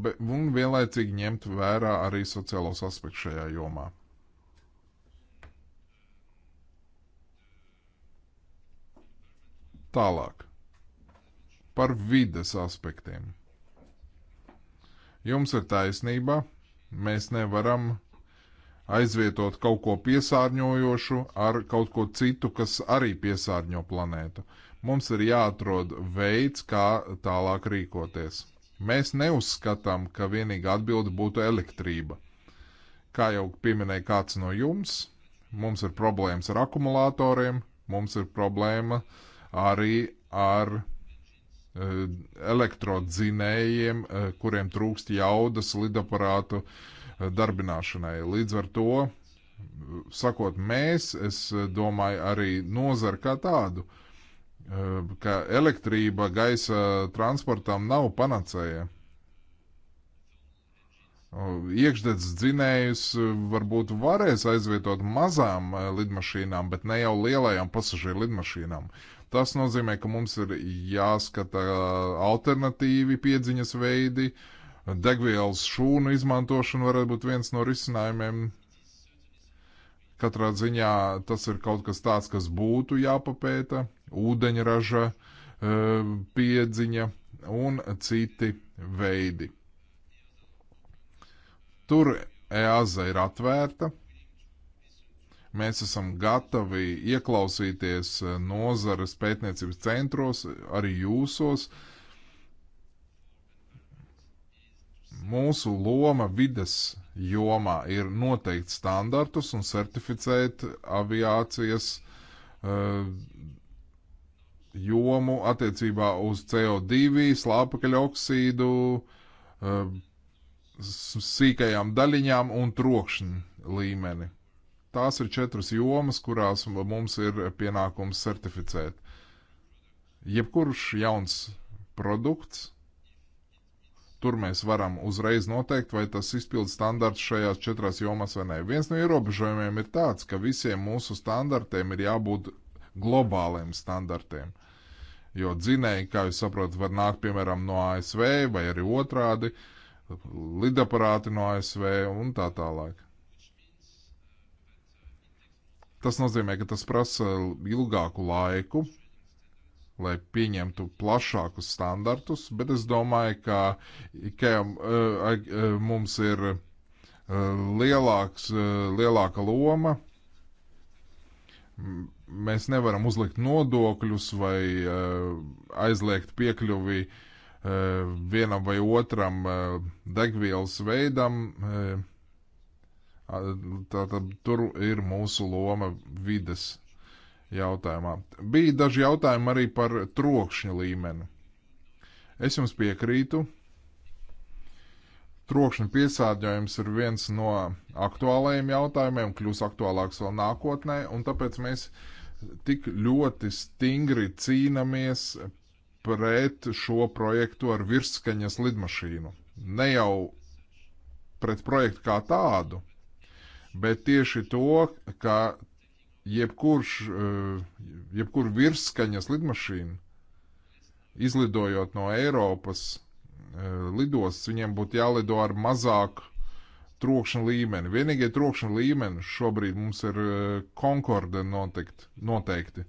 be, un vienlaicīgi ņemt vērā arī sociālos aspektus šajā jomā. Tālāk par vides aspektiem. Jums ir taisnība, mēs nevaram aizvietot kaut ko piesārņojošu ar kaut ko citu, kas arī piesārņo planētu. Uh, Mums ir jāatrod veids, kā tālāk rīkoties. Mēs neuzskatām, ka vienīgā atbilde būtu elektrība. Kā jau pieminēja kāds no jums, mums ir problēmas ar akumulatoriem, mums ir problēma arī ar e, elektrodzinējiem, e, kuriem trūkst jaudas lidaparātu e, darbināšanai. Līdz ar to, sakot mēs, es domāju arī nozar kā tādu, uh, Eh, ka elektrība gaisa transportam nav panacēja. Iekšdedzes dzinējus eh, varbūt varēs aizvietot mazām eh, lidmašīnām, bet ne jau lielajām pasažieru lidmašīnām. Tas nozīmē, ka mums ir jāskata alternatīvi piedziņas veidi, degvielas šūnu izmantošana varētu būt viens no risinājumiem. Katrā ziņā tas ir kaut kas tāds, kas būtu jāpapēta ūdeņraža e, piedziņa un citi veidi. Tur EASA ir atvērta. Mēs esam gatavi ieklausīties e, nozares pētniecības centros, arī jūsos. Mūsu loma vides jomā ir noteikt standartus un certificēt aviācijas uh, jomu attiecībā uz CO2, slāpekļa oksīdu, eh, sīkajām daļiņām un trokšņu līmeni. Tās ir četras jomas, kurās mums ir pienākums certificēt. Jebkurš jauns produkts, tur mēs varam uzreiz noteikt, vai tas izpild standarts šajās četrās jomās vai nē. Viens no ierobežojumiem ir tāds, ka visiem mūsu standartiem ir jābūt globāliem standartiem jo dzinēji, kā jūs saprotat, var nākt piemēram no ASV vai arī otrādi, lidaparāti no ASV un tā tālāk. Tas nozīmē, ka tas prasa ilgāku laiku, lai pieņemtu plašākus standartus, bet es domāju, ka IKEA uh, uh, mums ir uh, lielāks, lielāka loma Mēs nevaram uzlikt nodokļus vai eh, aizliegt piekļuvi eh, vienam vai otram eh, degvielas veidam. Tātad tur ir mūsu loma vides jautājumā. Bija daži jautājumi arī par trokšņa līmeni. Es jums piekrītu, Trokšņa piesārņojums ir viens no aktuālajiem jautājumiem, kļūs aktuālāks vēl nākotnē, un tāpēc mēs tik ļoti stingri cīnāmies pret šo projektu ar virsskaņas lidmašīnu. Ne jau pret projektu kā tādu, bet tieši to, ka jebkurš, eh, jebkur virsskaņas lidmašīna, izlidojot no Eiropas, Eh, lidosts, viņiem būtu jālido ar mazāku trokšņa līmeni. Vienīgie trokšņa līmeni šobrīd mums ir Konkorde eh, notikt, noteikti.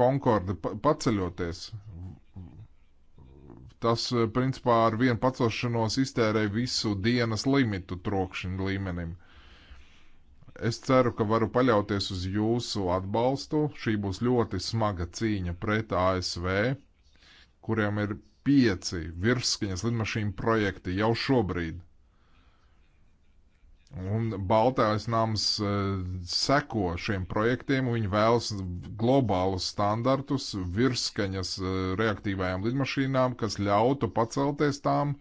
Konkorde paceļoties. Tas, eh, principā, ar vienu pacelšanos iztērē visu dienas limitu trokšņa līmenim. Es ceru, ka varu paļauties uz jūsu atbalstu. Šī būs ļoti smaga cīņa pret ASV, kuriem ir pieci virsskaņas lidmašīnu projekti jau šobrīd. Un Baltais nams e, seko šiem projektiem, viņi vēlas globālus standartus virsskaņas e, reaktīvajām lidmašīnām, kas ļautu pacelties tām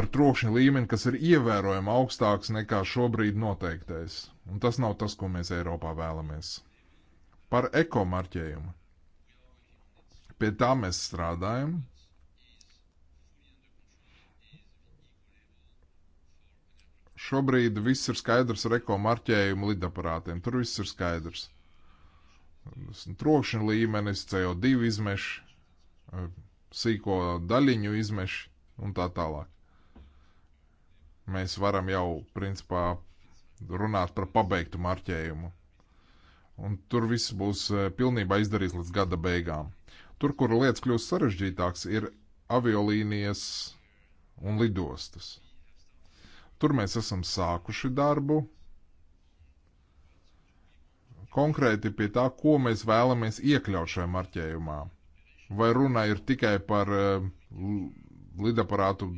ar trokšņa līmeni, kas ir ievērojami augstāks nekā šobrīd noteiktais. Un tas nav tas, ko mēs Eiropā vēlamies. Par ekomarķējumu. Pie tā mēs strādājam. Šobrīd viss ir skaidrs ar ekomarķējumu lidaparātiem. Tur viss ir skaidrs. Trokšņa līmenis, CO2 izmeši, sīko daļiņu izmeši un tā tālāk. Mēs varam jau, principā, runāt par pabeigtu marķējumu. Un tur viss būs eh, pilnībā izdarīts līdz gada beigām. Tur, kur lietas kļūst sarežģītākas, ir aviolīnijas un lidostas. Tur mēs esam sākuši darbu konkrēti pie tā, ko mēs vēlamies iekļaut šajā marķējumā. Vai runa ir tikai par eh, lidaparātu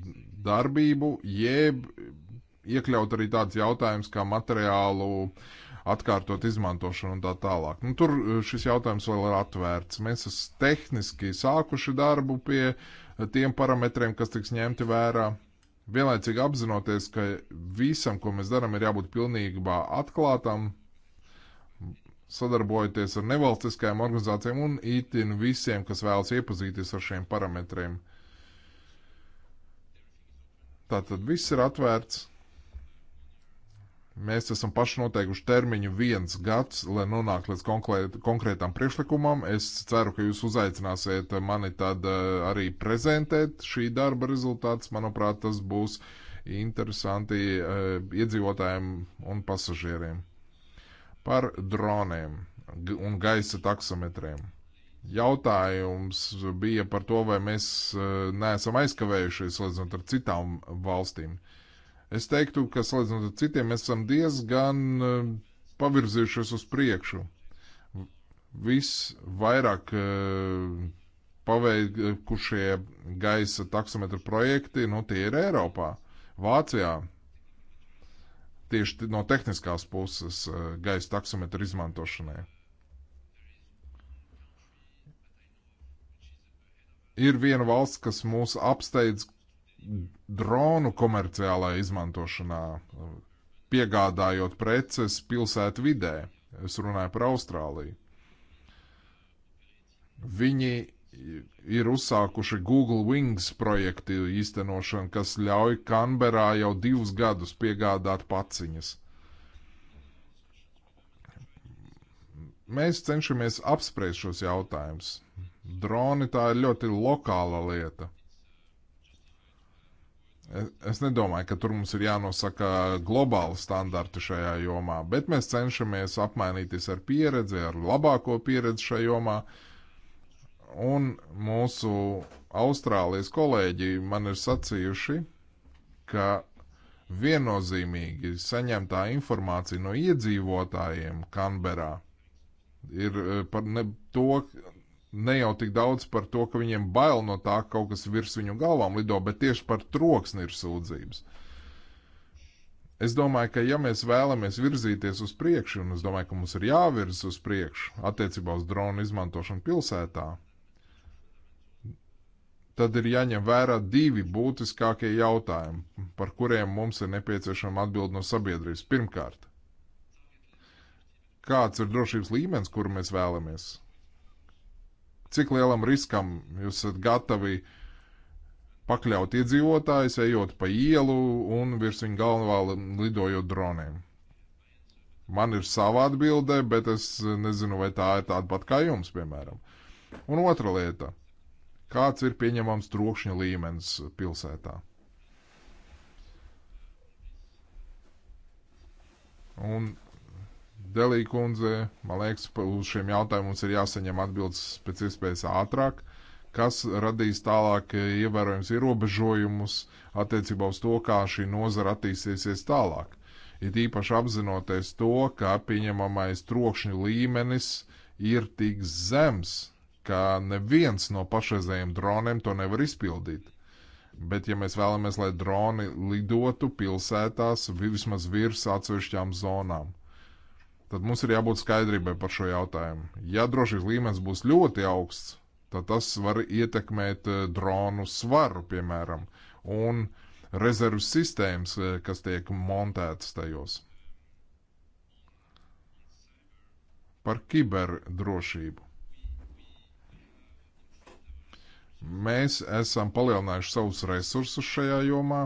darbību, jeb iekļaut arī tāds jautājums kā materiālu uh, atkārtot izmantošanu un tā tālāk. Nu, tur eh, šis jautājums vēl ir atvērts. Mēs esam tehniski sākuši darbu pie eh, tiem parametriem, kas tiks ņemti vērā. Vienlaicīgi apzinoties, ka visam, ko mēs darām, ir jābūt pilnībā atklātam, sadarbojoties ar nevalstiskajām organizācijām un itin visiem, kas vēlas iepazīties ar šiem parametriem. Tātad viss ir atvērts Mēs esam paši noteikuši termiņu viens gads, lai nonāktu līdz konkrēt, konkrētam priekšlikumam. Es ceru, ka jūs uzaicināsiet mani tad eh, arī prezentēt šī darba rezultātus. Manuprāt, tas būs interesanti eh, iedzīvotājiem un pasažieriem. Par droniem un gaisa taksometriem. Jautājums bija par to, vai mēs eh, neesam aizkavējušies līdz ar citām valstīm. Es teiktu, ka salīdzinot ar citiem, mēs esam diezgan eh, pavirzījušies uz priekšu. Viss vairāk eh, paveikušie gaisa taksometru projekti, nu tie ir Eiropā, Vācijā. Tieši no tehniskās puses eh, gaisa taksometru izmantošanai. Ir viena valsts, kas mūs apsteidz dronu komerciālā izmantošanā, piegādājot preces pilsētu vidē. Es runāju par Austrāliju. Viņi ir uzsākuši Google Wings projektu īstenošanu, kas ļauj Kanberā jau divus gadus piegādāt paciņas. Mēs cenšamies apspriest šos jautājumus. Droni tā ir ļoti lokāla lieta. Es nedomāju, ka tur mums ir jānosaka globāli standarti šajā jomā, bet mēs cenšamies apmainīties ar pieredzi, ar labāko pieredzi šajā jomā. Un mūsu Austrālijas kolēģi man ir sacījuši, ka viennozīmīgi saņemtā informācija no iedzīvotājiem Kanberā ir eh, par ne, to, ne jau tik daudz par to, ka viņiem bail no tā, ka kaut kas virs viņu galvām lido, bet tieši par troksni ir sūdzības. Es domāju, ka ja mēs vēlamies virzīties uz priekšu, un es domāju, ka mums ir jāvirzas uz priekšu attiecībā uz dronu izmantošanu pilsētā, tad ir jāņem vērā divi būtiskākie jautājumi, par kuriem mums ir nepieciešama atbild no sabiedrības. Pirmkārt, kāds ir drošības līmenis, kuru mēs vēlamies? Cik lielam riskam jūs esat gatavi pakļaut iedzīvotājus, ejot pa ielu un virs viņa galvā lidojot droniem? Man ir sava atbilde, bet es nezinu, vai tā ir tāda pat kā jums, piemēram. Un otra lieta - kāds ir pieņemams trokšņa līmenis pilsētā? Un Delī kundze, man liekas, uz šiem jautājumiem mums ir jāsaņem atbildes pēc iespējas ātrāk, kas radīs tālāk eh, ievērojams ierobežojumus attiecībā uz to, kā šī nozara attīstīsies tālāk. Ir īpaši apzinoties to, ka pieņemamais trokšņu līmenis ir tik zems, ka neviens no pašreizējiem droniem to nevar izpildīt. Bet, ja mēs vēlamies, lai droni lidotu pilsētās vismaz virs atsevišķām zonām, tad mums ir jābūt skaidrībai par šo jautājumu. Ja drošības līmenis būs ļoti augsts, tad tas var ietekmēt eh, dronu svaru, piemēram, un rezervu sistēmas, eh, kas tiek montētas tajos. Par kiberdrošību. Mēs esam palielinājuši savus resursus šajā jomā.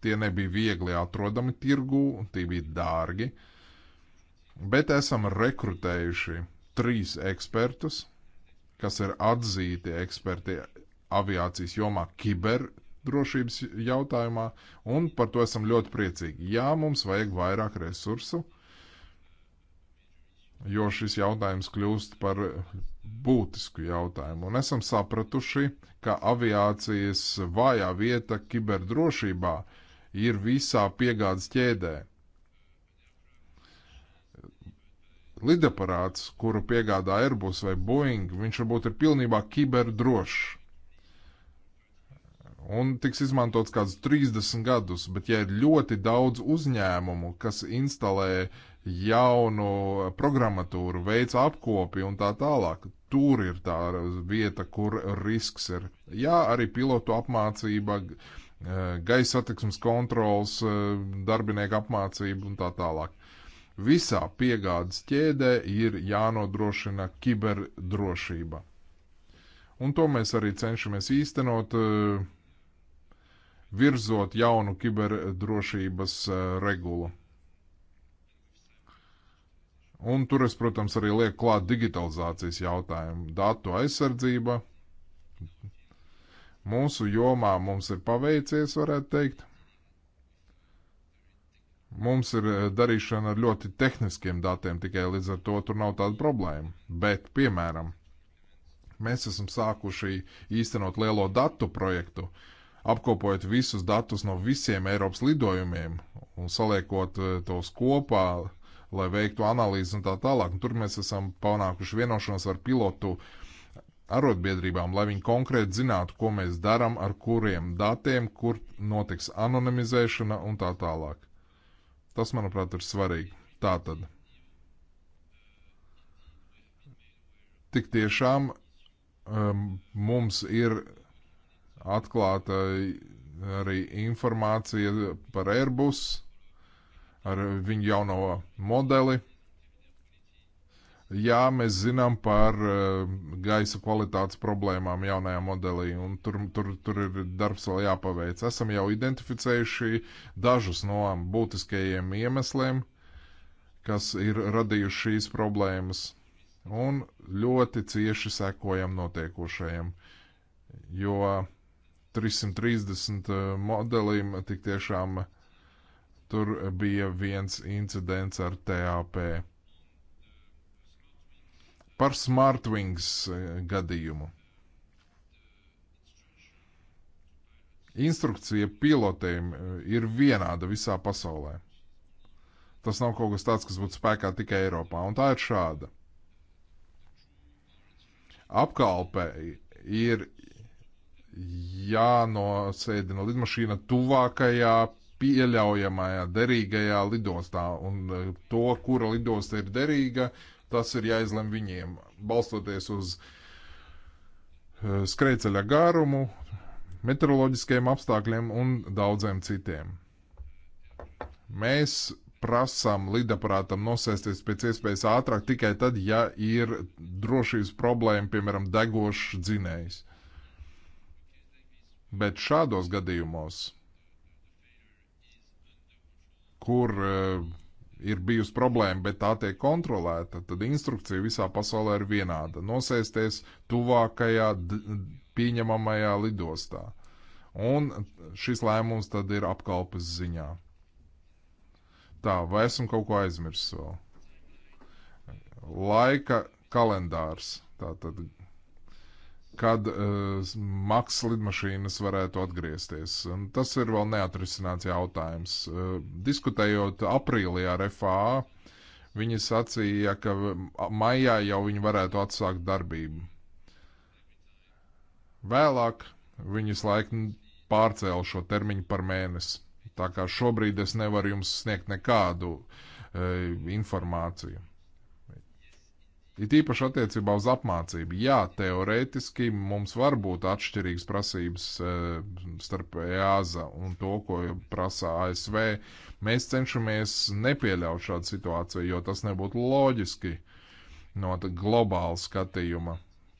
Tie nebija viegli atrodami tirgū, tie bija dārgi. Uh, bet esam rekrutējuši trīs ekspertus, kas ir atzīti eksperti aviācijas jomā, kiberdrošības jautājumā, un par to esam ļoti priecīgi. Jā, mums vajag vairāk resursu, jo šis jautājums kļūst par būtisku jautājumu. Un esam sapratuši, ka aviācijas vājā vieta kiberdrošībā ir visā piegādes ķēdē. lidaparāts, kuru piegādā Airbus vai Boeing, viņš varbūt ir pilnībā kiberdrošs. Un tiks izmantots kāds 30 gadus, bet ja ir ļoti daudz uzņēmumu, kas instalē jaunu programmatūru, veic apkopi un tā tālāk, tur ir tā vieta, kur risks ir. Jā, arī pilotu apmācība, eh, gaisa satiksmes kontrols, eh, darbinieku apmācība un tā tālāk. Visā piegādes ķēdē ir jānodrošina kiberdrošība. Un to mēs arī cenšamies īstenot, eh, virzot jaunu kiberdrošības eh, regulu. Un tur es, protams, arī lieku klāt digitalizācijas jautājumu, datu aizsardzība. Mūsu jomā mums ir paveicies, varētu teikt. Mums ir eh, darīšana ar ļoti tehniskiem datiem, tikai līdz ar to tur nav tāda problēma. Bet, piemēram, mēs esam sākuši īstenot lielo datu projektu, apkopojot visus datus no visiem Eiropas lidojumiem un saliekot eh, tos kopā, lai veiktu analīzi un tā tālāk. Un tur mēs esam panākuši vienošanos ar pilotu arotbiedrībām, lai viņi konkrēti zinātu, ko mēs darām, ar kuriem datiem, kur notiks anonimizēšana un tā tālāk. Tas, manuprāt, ir svarīgi. Tātad. Tik tiešām um, mums ir atklāta arī informācija par Airbus, ar viņu jauno modeli, Jā, mēs zinām par eh, gaisa kvalitātes problēmām jaunajā modelī, un tur, tur, tur ir darbs vēl jāpaveic. Esam jau identificējuši dažus no būtiskajiem iemesliem, kas ir radījuši šīs problēmas, un ļoti cieši sekojam notiekošajam, jo 330 eh, modelim tik tiešām tur bija viens incidents ar TAP. Par Smartwings e, gadījumu. Instrukcija pilotiem e, ir vienāda visā pasaulē. Tas nav kaut kas tāds, kas būtu spēkā tikai Eiropā, un tā ir šāda. Apkalpe ir jānosēdina lidmašīna tuvākajā pieļaujamajā derīgajā lidostā, un e, to, kura lidosta ir derīga, Tas ir jāizlem viņiem, balstoties uz eh, skrejceļa garumu, meteoroloģiskiem apstākļiem un daudziem citiem. Mēs prasām lidaprātam nosēsties pēc iespējas ātrāk tikai tad, ja ir drošības problēma, piemēram, degošs dzinējs. Bet šādos gadījumos, kur uh, ir bijusi problēma, bet tā tiek kontrolēta, tad instrukcija visā pasaulē ir vienāda - nosēsties tuvākajā pieņemamajā lidostā. Un šis lēmums tad ir apkalpes ziņā. Tā, vai esam kaut ko aizmirsis vēl? Laika kalendārs. Tātad kad uh, eh, maks lidmašīnas varētu atgriezties. Un tas ir vēl neatrisināts jautājums. Uh, diskutējot aprīlī ar FAA, viņi sacīja, ka maijā jau viņi varētu atsākt darbību. Vēlāk viņas laiku pārcēla šo termiņu par mēnesi. Tā kā šobrīd es nevaru jums sniegt nekādu uh, informāciju. It īpaši attiecībā uz apmācību. Jā, teorētiski mums var būt atšķirīgas prasības eh, starp EASA un to, ko prasa ASV. Mēs cenšamies nepieļaut šādu situāciju, jo tas nebūtu loģiski no globāla skatījuma.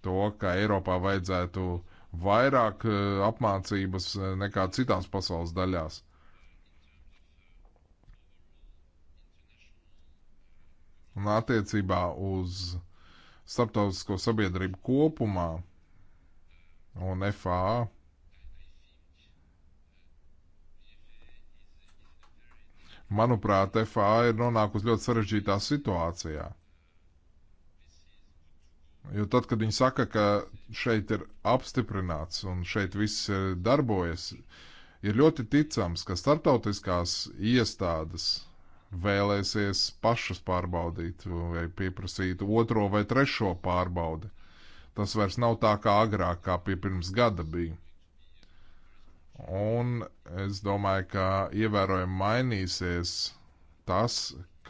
To, ka Eiropā vajadzētu vairāk eh, apmācības eh, nekā citās pasaules daļās. Un attiecībā uz starptautisko sabiedrību kopumā un FAA. Manuprāt, FAA ir nonākusi ļoti sarežģītā situācijā. Jo tad, kad viņi saka, ka šeit ir apstiprināts un šeit viss eh, darbojas, ir ļoti ticams, ka starptautiskās iestādes vēlēsies pašas pārbaudīt vai pieprasīt otro vai trešo pārbaudi. Tas vairs nav tā kā agrāk, kā pie pirms gada bija. Un es domāju, ka ievērojami mainīsies tas,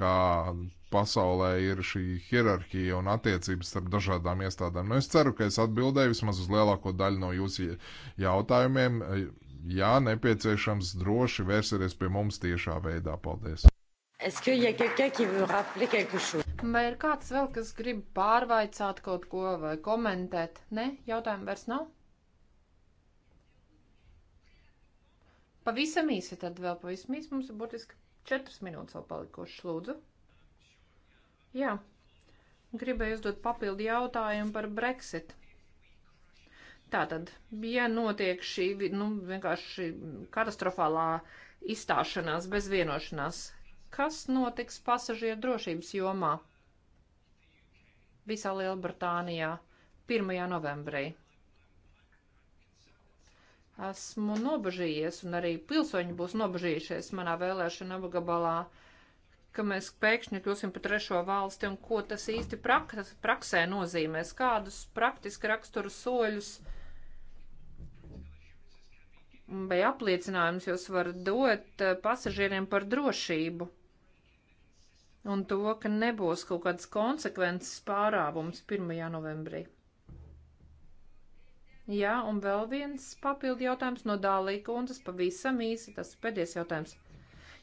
kā pasaulē ir šī hierarhija un attiecības starp dažādām iestādēm. Nu, es ceru, ka es atbildēju vismaz uz lielāko daļu no jūsu jautājumiem. Ja nepieciešams, droši vērsieties pie mums tiešā veidā. Paldies! Vai ir kāds vēl, kas grib pārvaicāt kaut ko vai komentēt? Nē, jautājumu vairs nav. Pavisam īsi tad vēl pavisam īsi. Mums ir būtiski četras minūtes vēl palikušas, lūdzu. Jā, gribēju uzdot papildu jautājumu par Brexit. Tātad, ja notiek šī, nu, vienkārši katastrofālā izstāšanās bez vienošanās, Kas notiks pasažieru drošības jomā visā Lielbritānijā 1. novembrī? Esmu nobežījies, un arī pilsoņi būs nobežījušies manā vēlēšana apgabalā, ka mēs pēkšņi kļūsim par trešo valsti, un ko tas īsti praktas, praksē nozīmēs, kādus praktiski raksturu soļus vai apliecinājumus jūs varat dot eh, pasažieriem par drošību un to, ka nebūs kaut kādas konsekvences pārāvums 1. novembrī. Jā, un vēl viens papildu jautājums no Dālija kundzes, pavisam īsi, tas ir pēdējais jautājums.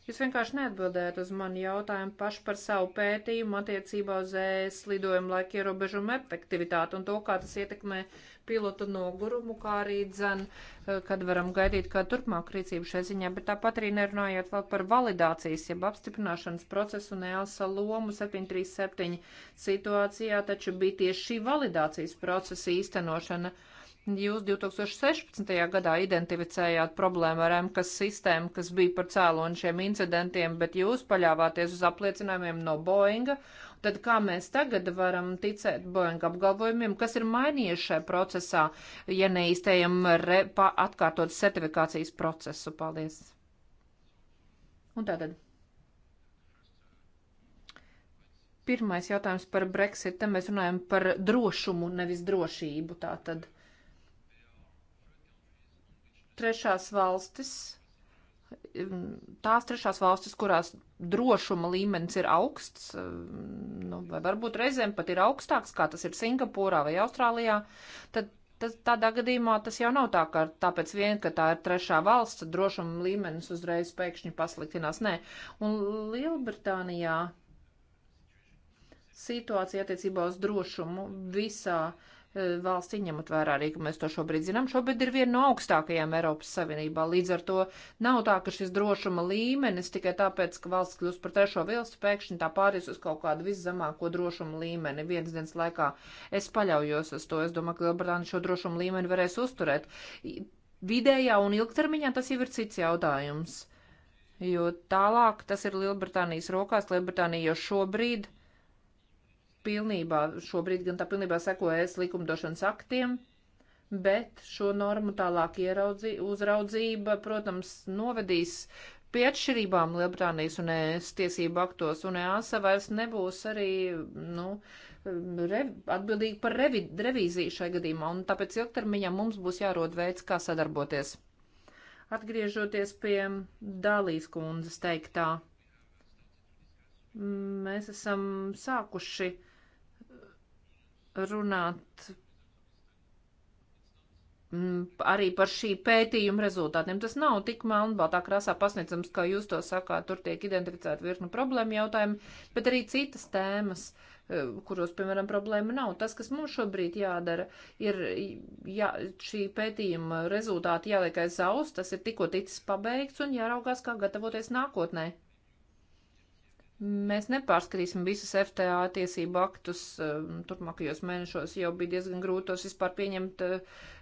Jūs vienkārši neatbildējat uz manu jautājumu pašu par savu pētījumu attiecībā uz ēs lidojumu laika ierobežumu efektivitāti un to, kā tas ietekmē pilotu nogurumu, kā arī dzen, eh, kad varam gaidīt kā turpmāk rīcību šai ziņā, bet tāpat arī nerunājot vēl par validācijas, jeb apstiprināšanas procesu un EASA lomu 737 situācijā, taču bija tieši šī validācijas procesa īstenošana. Jūs 2016. gadā identificējāt problēmu ar MKS sistēmu, kas bija par cēloni šiem incidentiem, bet jūs paļāvāties uz apliecinājumiem no Boeinga Tad kā mēs tagad varam ticēt Boeing apgalvojumiem, kas ir mainījuši šajā procesā, ja neīstējam re, pa, atkārtot certifikācijas procesu? Paldies! Un tātad. Pirmais jautājums par Brexit. Te mēs runājam par drošumu, nevis drošību. Tātad trešās valstis, tās trešās valstis, kurās drošuma līmenis ir augsts, nu, vai varbūt reizēm pat ir augstāks, kā tas ir Singapūrā vai Austrālijā, tad tas, tādā gadījumā tas jau nav tā, ka tāpēc vien, ka tā ir trešā valsts, drošuma līmenis uzreiz pēkšņi pasliktinās. Nē, un Lielbritānijā situācija attiecībā uz drošumu visā uh, Eh, valstī, ņemot vērā arī, ka mēs to šobrīd zinām, šobrīd ir viena no augstākajām Eiropas Savienībā. Līdz ar to nav tā, ka šis drošuma līmenis tikai tāpēc, ka valsts kļūst par trešo vilstu, pēkšņi tā pāries uz kaut kādu viszemāko drošuma līmeni. Viens dienas laikā es paļaujos uz to. Es domāju, ka Lielbritānija šo drošuma līmeni varēs uzturēt. Vidējā un ilgtermiņā tas jau ir cits jautājums. Jo tālāk tas ir Lielbritānijas rokās. Lielbritānija jau šobrīd pilnībā, šobrīd gan tā pilnībā seko es likumdošanas aktiem, bet šo normu tālāk ieraudzi, uzraudzība, protams, novedīs pie atšķirībām Lielbritānijas un ES tiesību aktos, un EASA vairs nebūs arī, nu, rev, atbildīgi par revi, revīziju šai gadījumā, un tāpēc ilgtermiņā mums būs jārod veids, kā sadarboties. Atgriežoties pie Dālijas kundzes teiktā, mēs esam sākuši uh, runāt mm, arī par šī pētījuma rezultātiem. Tas nav tik melnbaltā krāsā pasniedzams, kā jūs to sakāt. Tur tiek identificēta virkni problēma jautājumi, bet arī citas tēmas, e, kuros, piemēram, problēma nav. Tas, kas mums šobrīd jādara, ir jā, šī pētījuma rezultāti jāliek aiz aus, tas ir tikko ticis pabeigts un jāraugās, kā gatavoties nākotnē. Mēs nepārskatīsim visus FTA tiesību aktus um, turpmākajos mēnešos, jau bija diezgan grūti tos vispār pieņemt uh,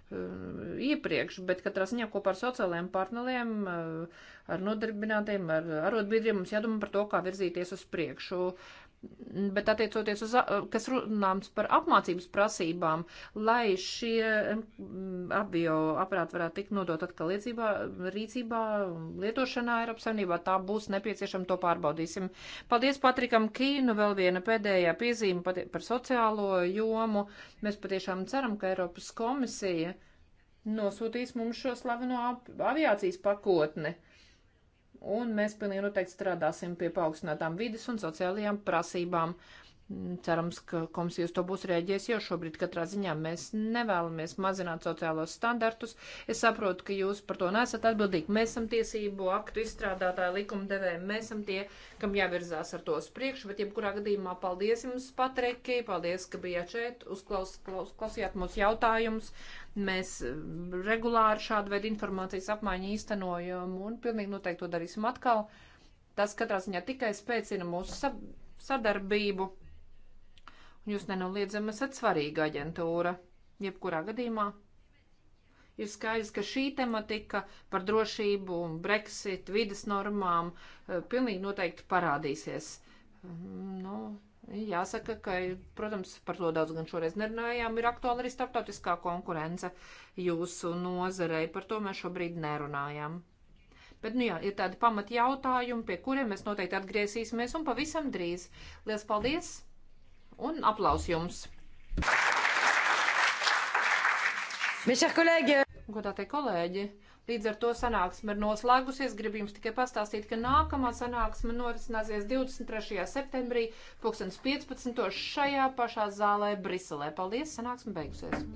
um, iepriekš, bet katrā ziņā kopā ar sociālajiem partneriem, uh, ar nodarbinātiem, ar arotbiedriem mums jādomā par to, kā virzīties uz priekšu. Bet attiecoties uz, kas runāms par apmācības prasībām, lai šie avio aparāti varētu tikt nodot atkal liecībā, rīcībā, lietošanā Eiropas Savienībā, tā būs nepieciešama, to pārbaudīsim. Paldies Patrikam Kīnu, vēl viena pēdējā piezīme par sociālo jomu. Mēs patiešām ceram, ka Eiropas komisija nosūtīs mums šo slaveno aviācijas pakotni un mēs pilnīgi noteikti strādāsim pie paaugstinātām vidas un sociālajām prasībām Cerams, ka komisija uz to būs rēģējis jau šobrīd. Katrā ziņā mēs nevēlamies mazināt sociālos standartus. Es saprotu, ka jūs par to nesat atbildīgi. Mēs esam tiesību aktu izstrādātāji, likumdevēji. Mēs esam tie, kam jāvirzās ar to uz priekšu. Bet, jebkurā gadījumā, paldies jums, Patriki. Paldies, ka bijāt šeit, uzklausījāt mūsu jautājumus. Mēs mm, regulāri šādu veidu informācijas apmaiņu īstenojam un pilnīgi noteikti to darīsim atkal. Tas katrā ziņā tikai spēcina mūsu sadarbību un jūs nenoliedzami esat svarīga aģentūra. Jebkurā gadījumā ir skaidrs, ka šī tematika par drošību, Brexit, vidas normām eh, pilnīgi noteikti parādīsies. Mm, nu, jāsaka, ka, protams, par to daudz gan šoreiz nerunājām, ir aktuāla arī starptautiskā konkurence jūsu nozarei, par to mēs šobrīd nerunājām. Bet, nu jā, ir tādi pamat jautājumi, pie kuriem mēs noteikti atgriezīsimies un pavisam drīz. Lielas paldies! un aplaus jums! Godātie kolēģi, līdz ar to sanāksme ir noslēgusies. Gribu jums tikai pastāstīt, ka nākamā sanāksme norisināsies 23. septembrī 2015. šajā pašā zālē Briselē. Paldies, sanāksme beigusies!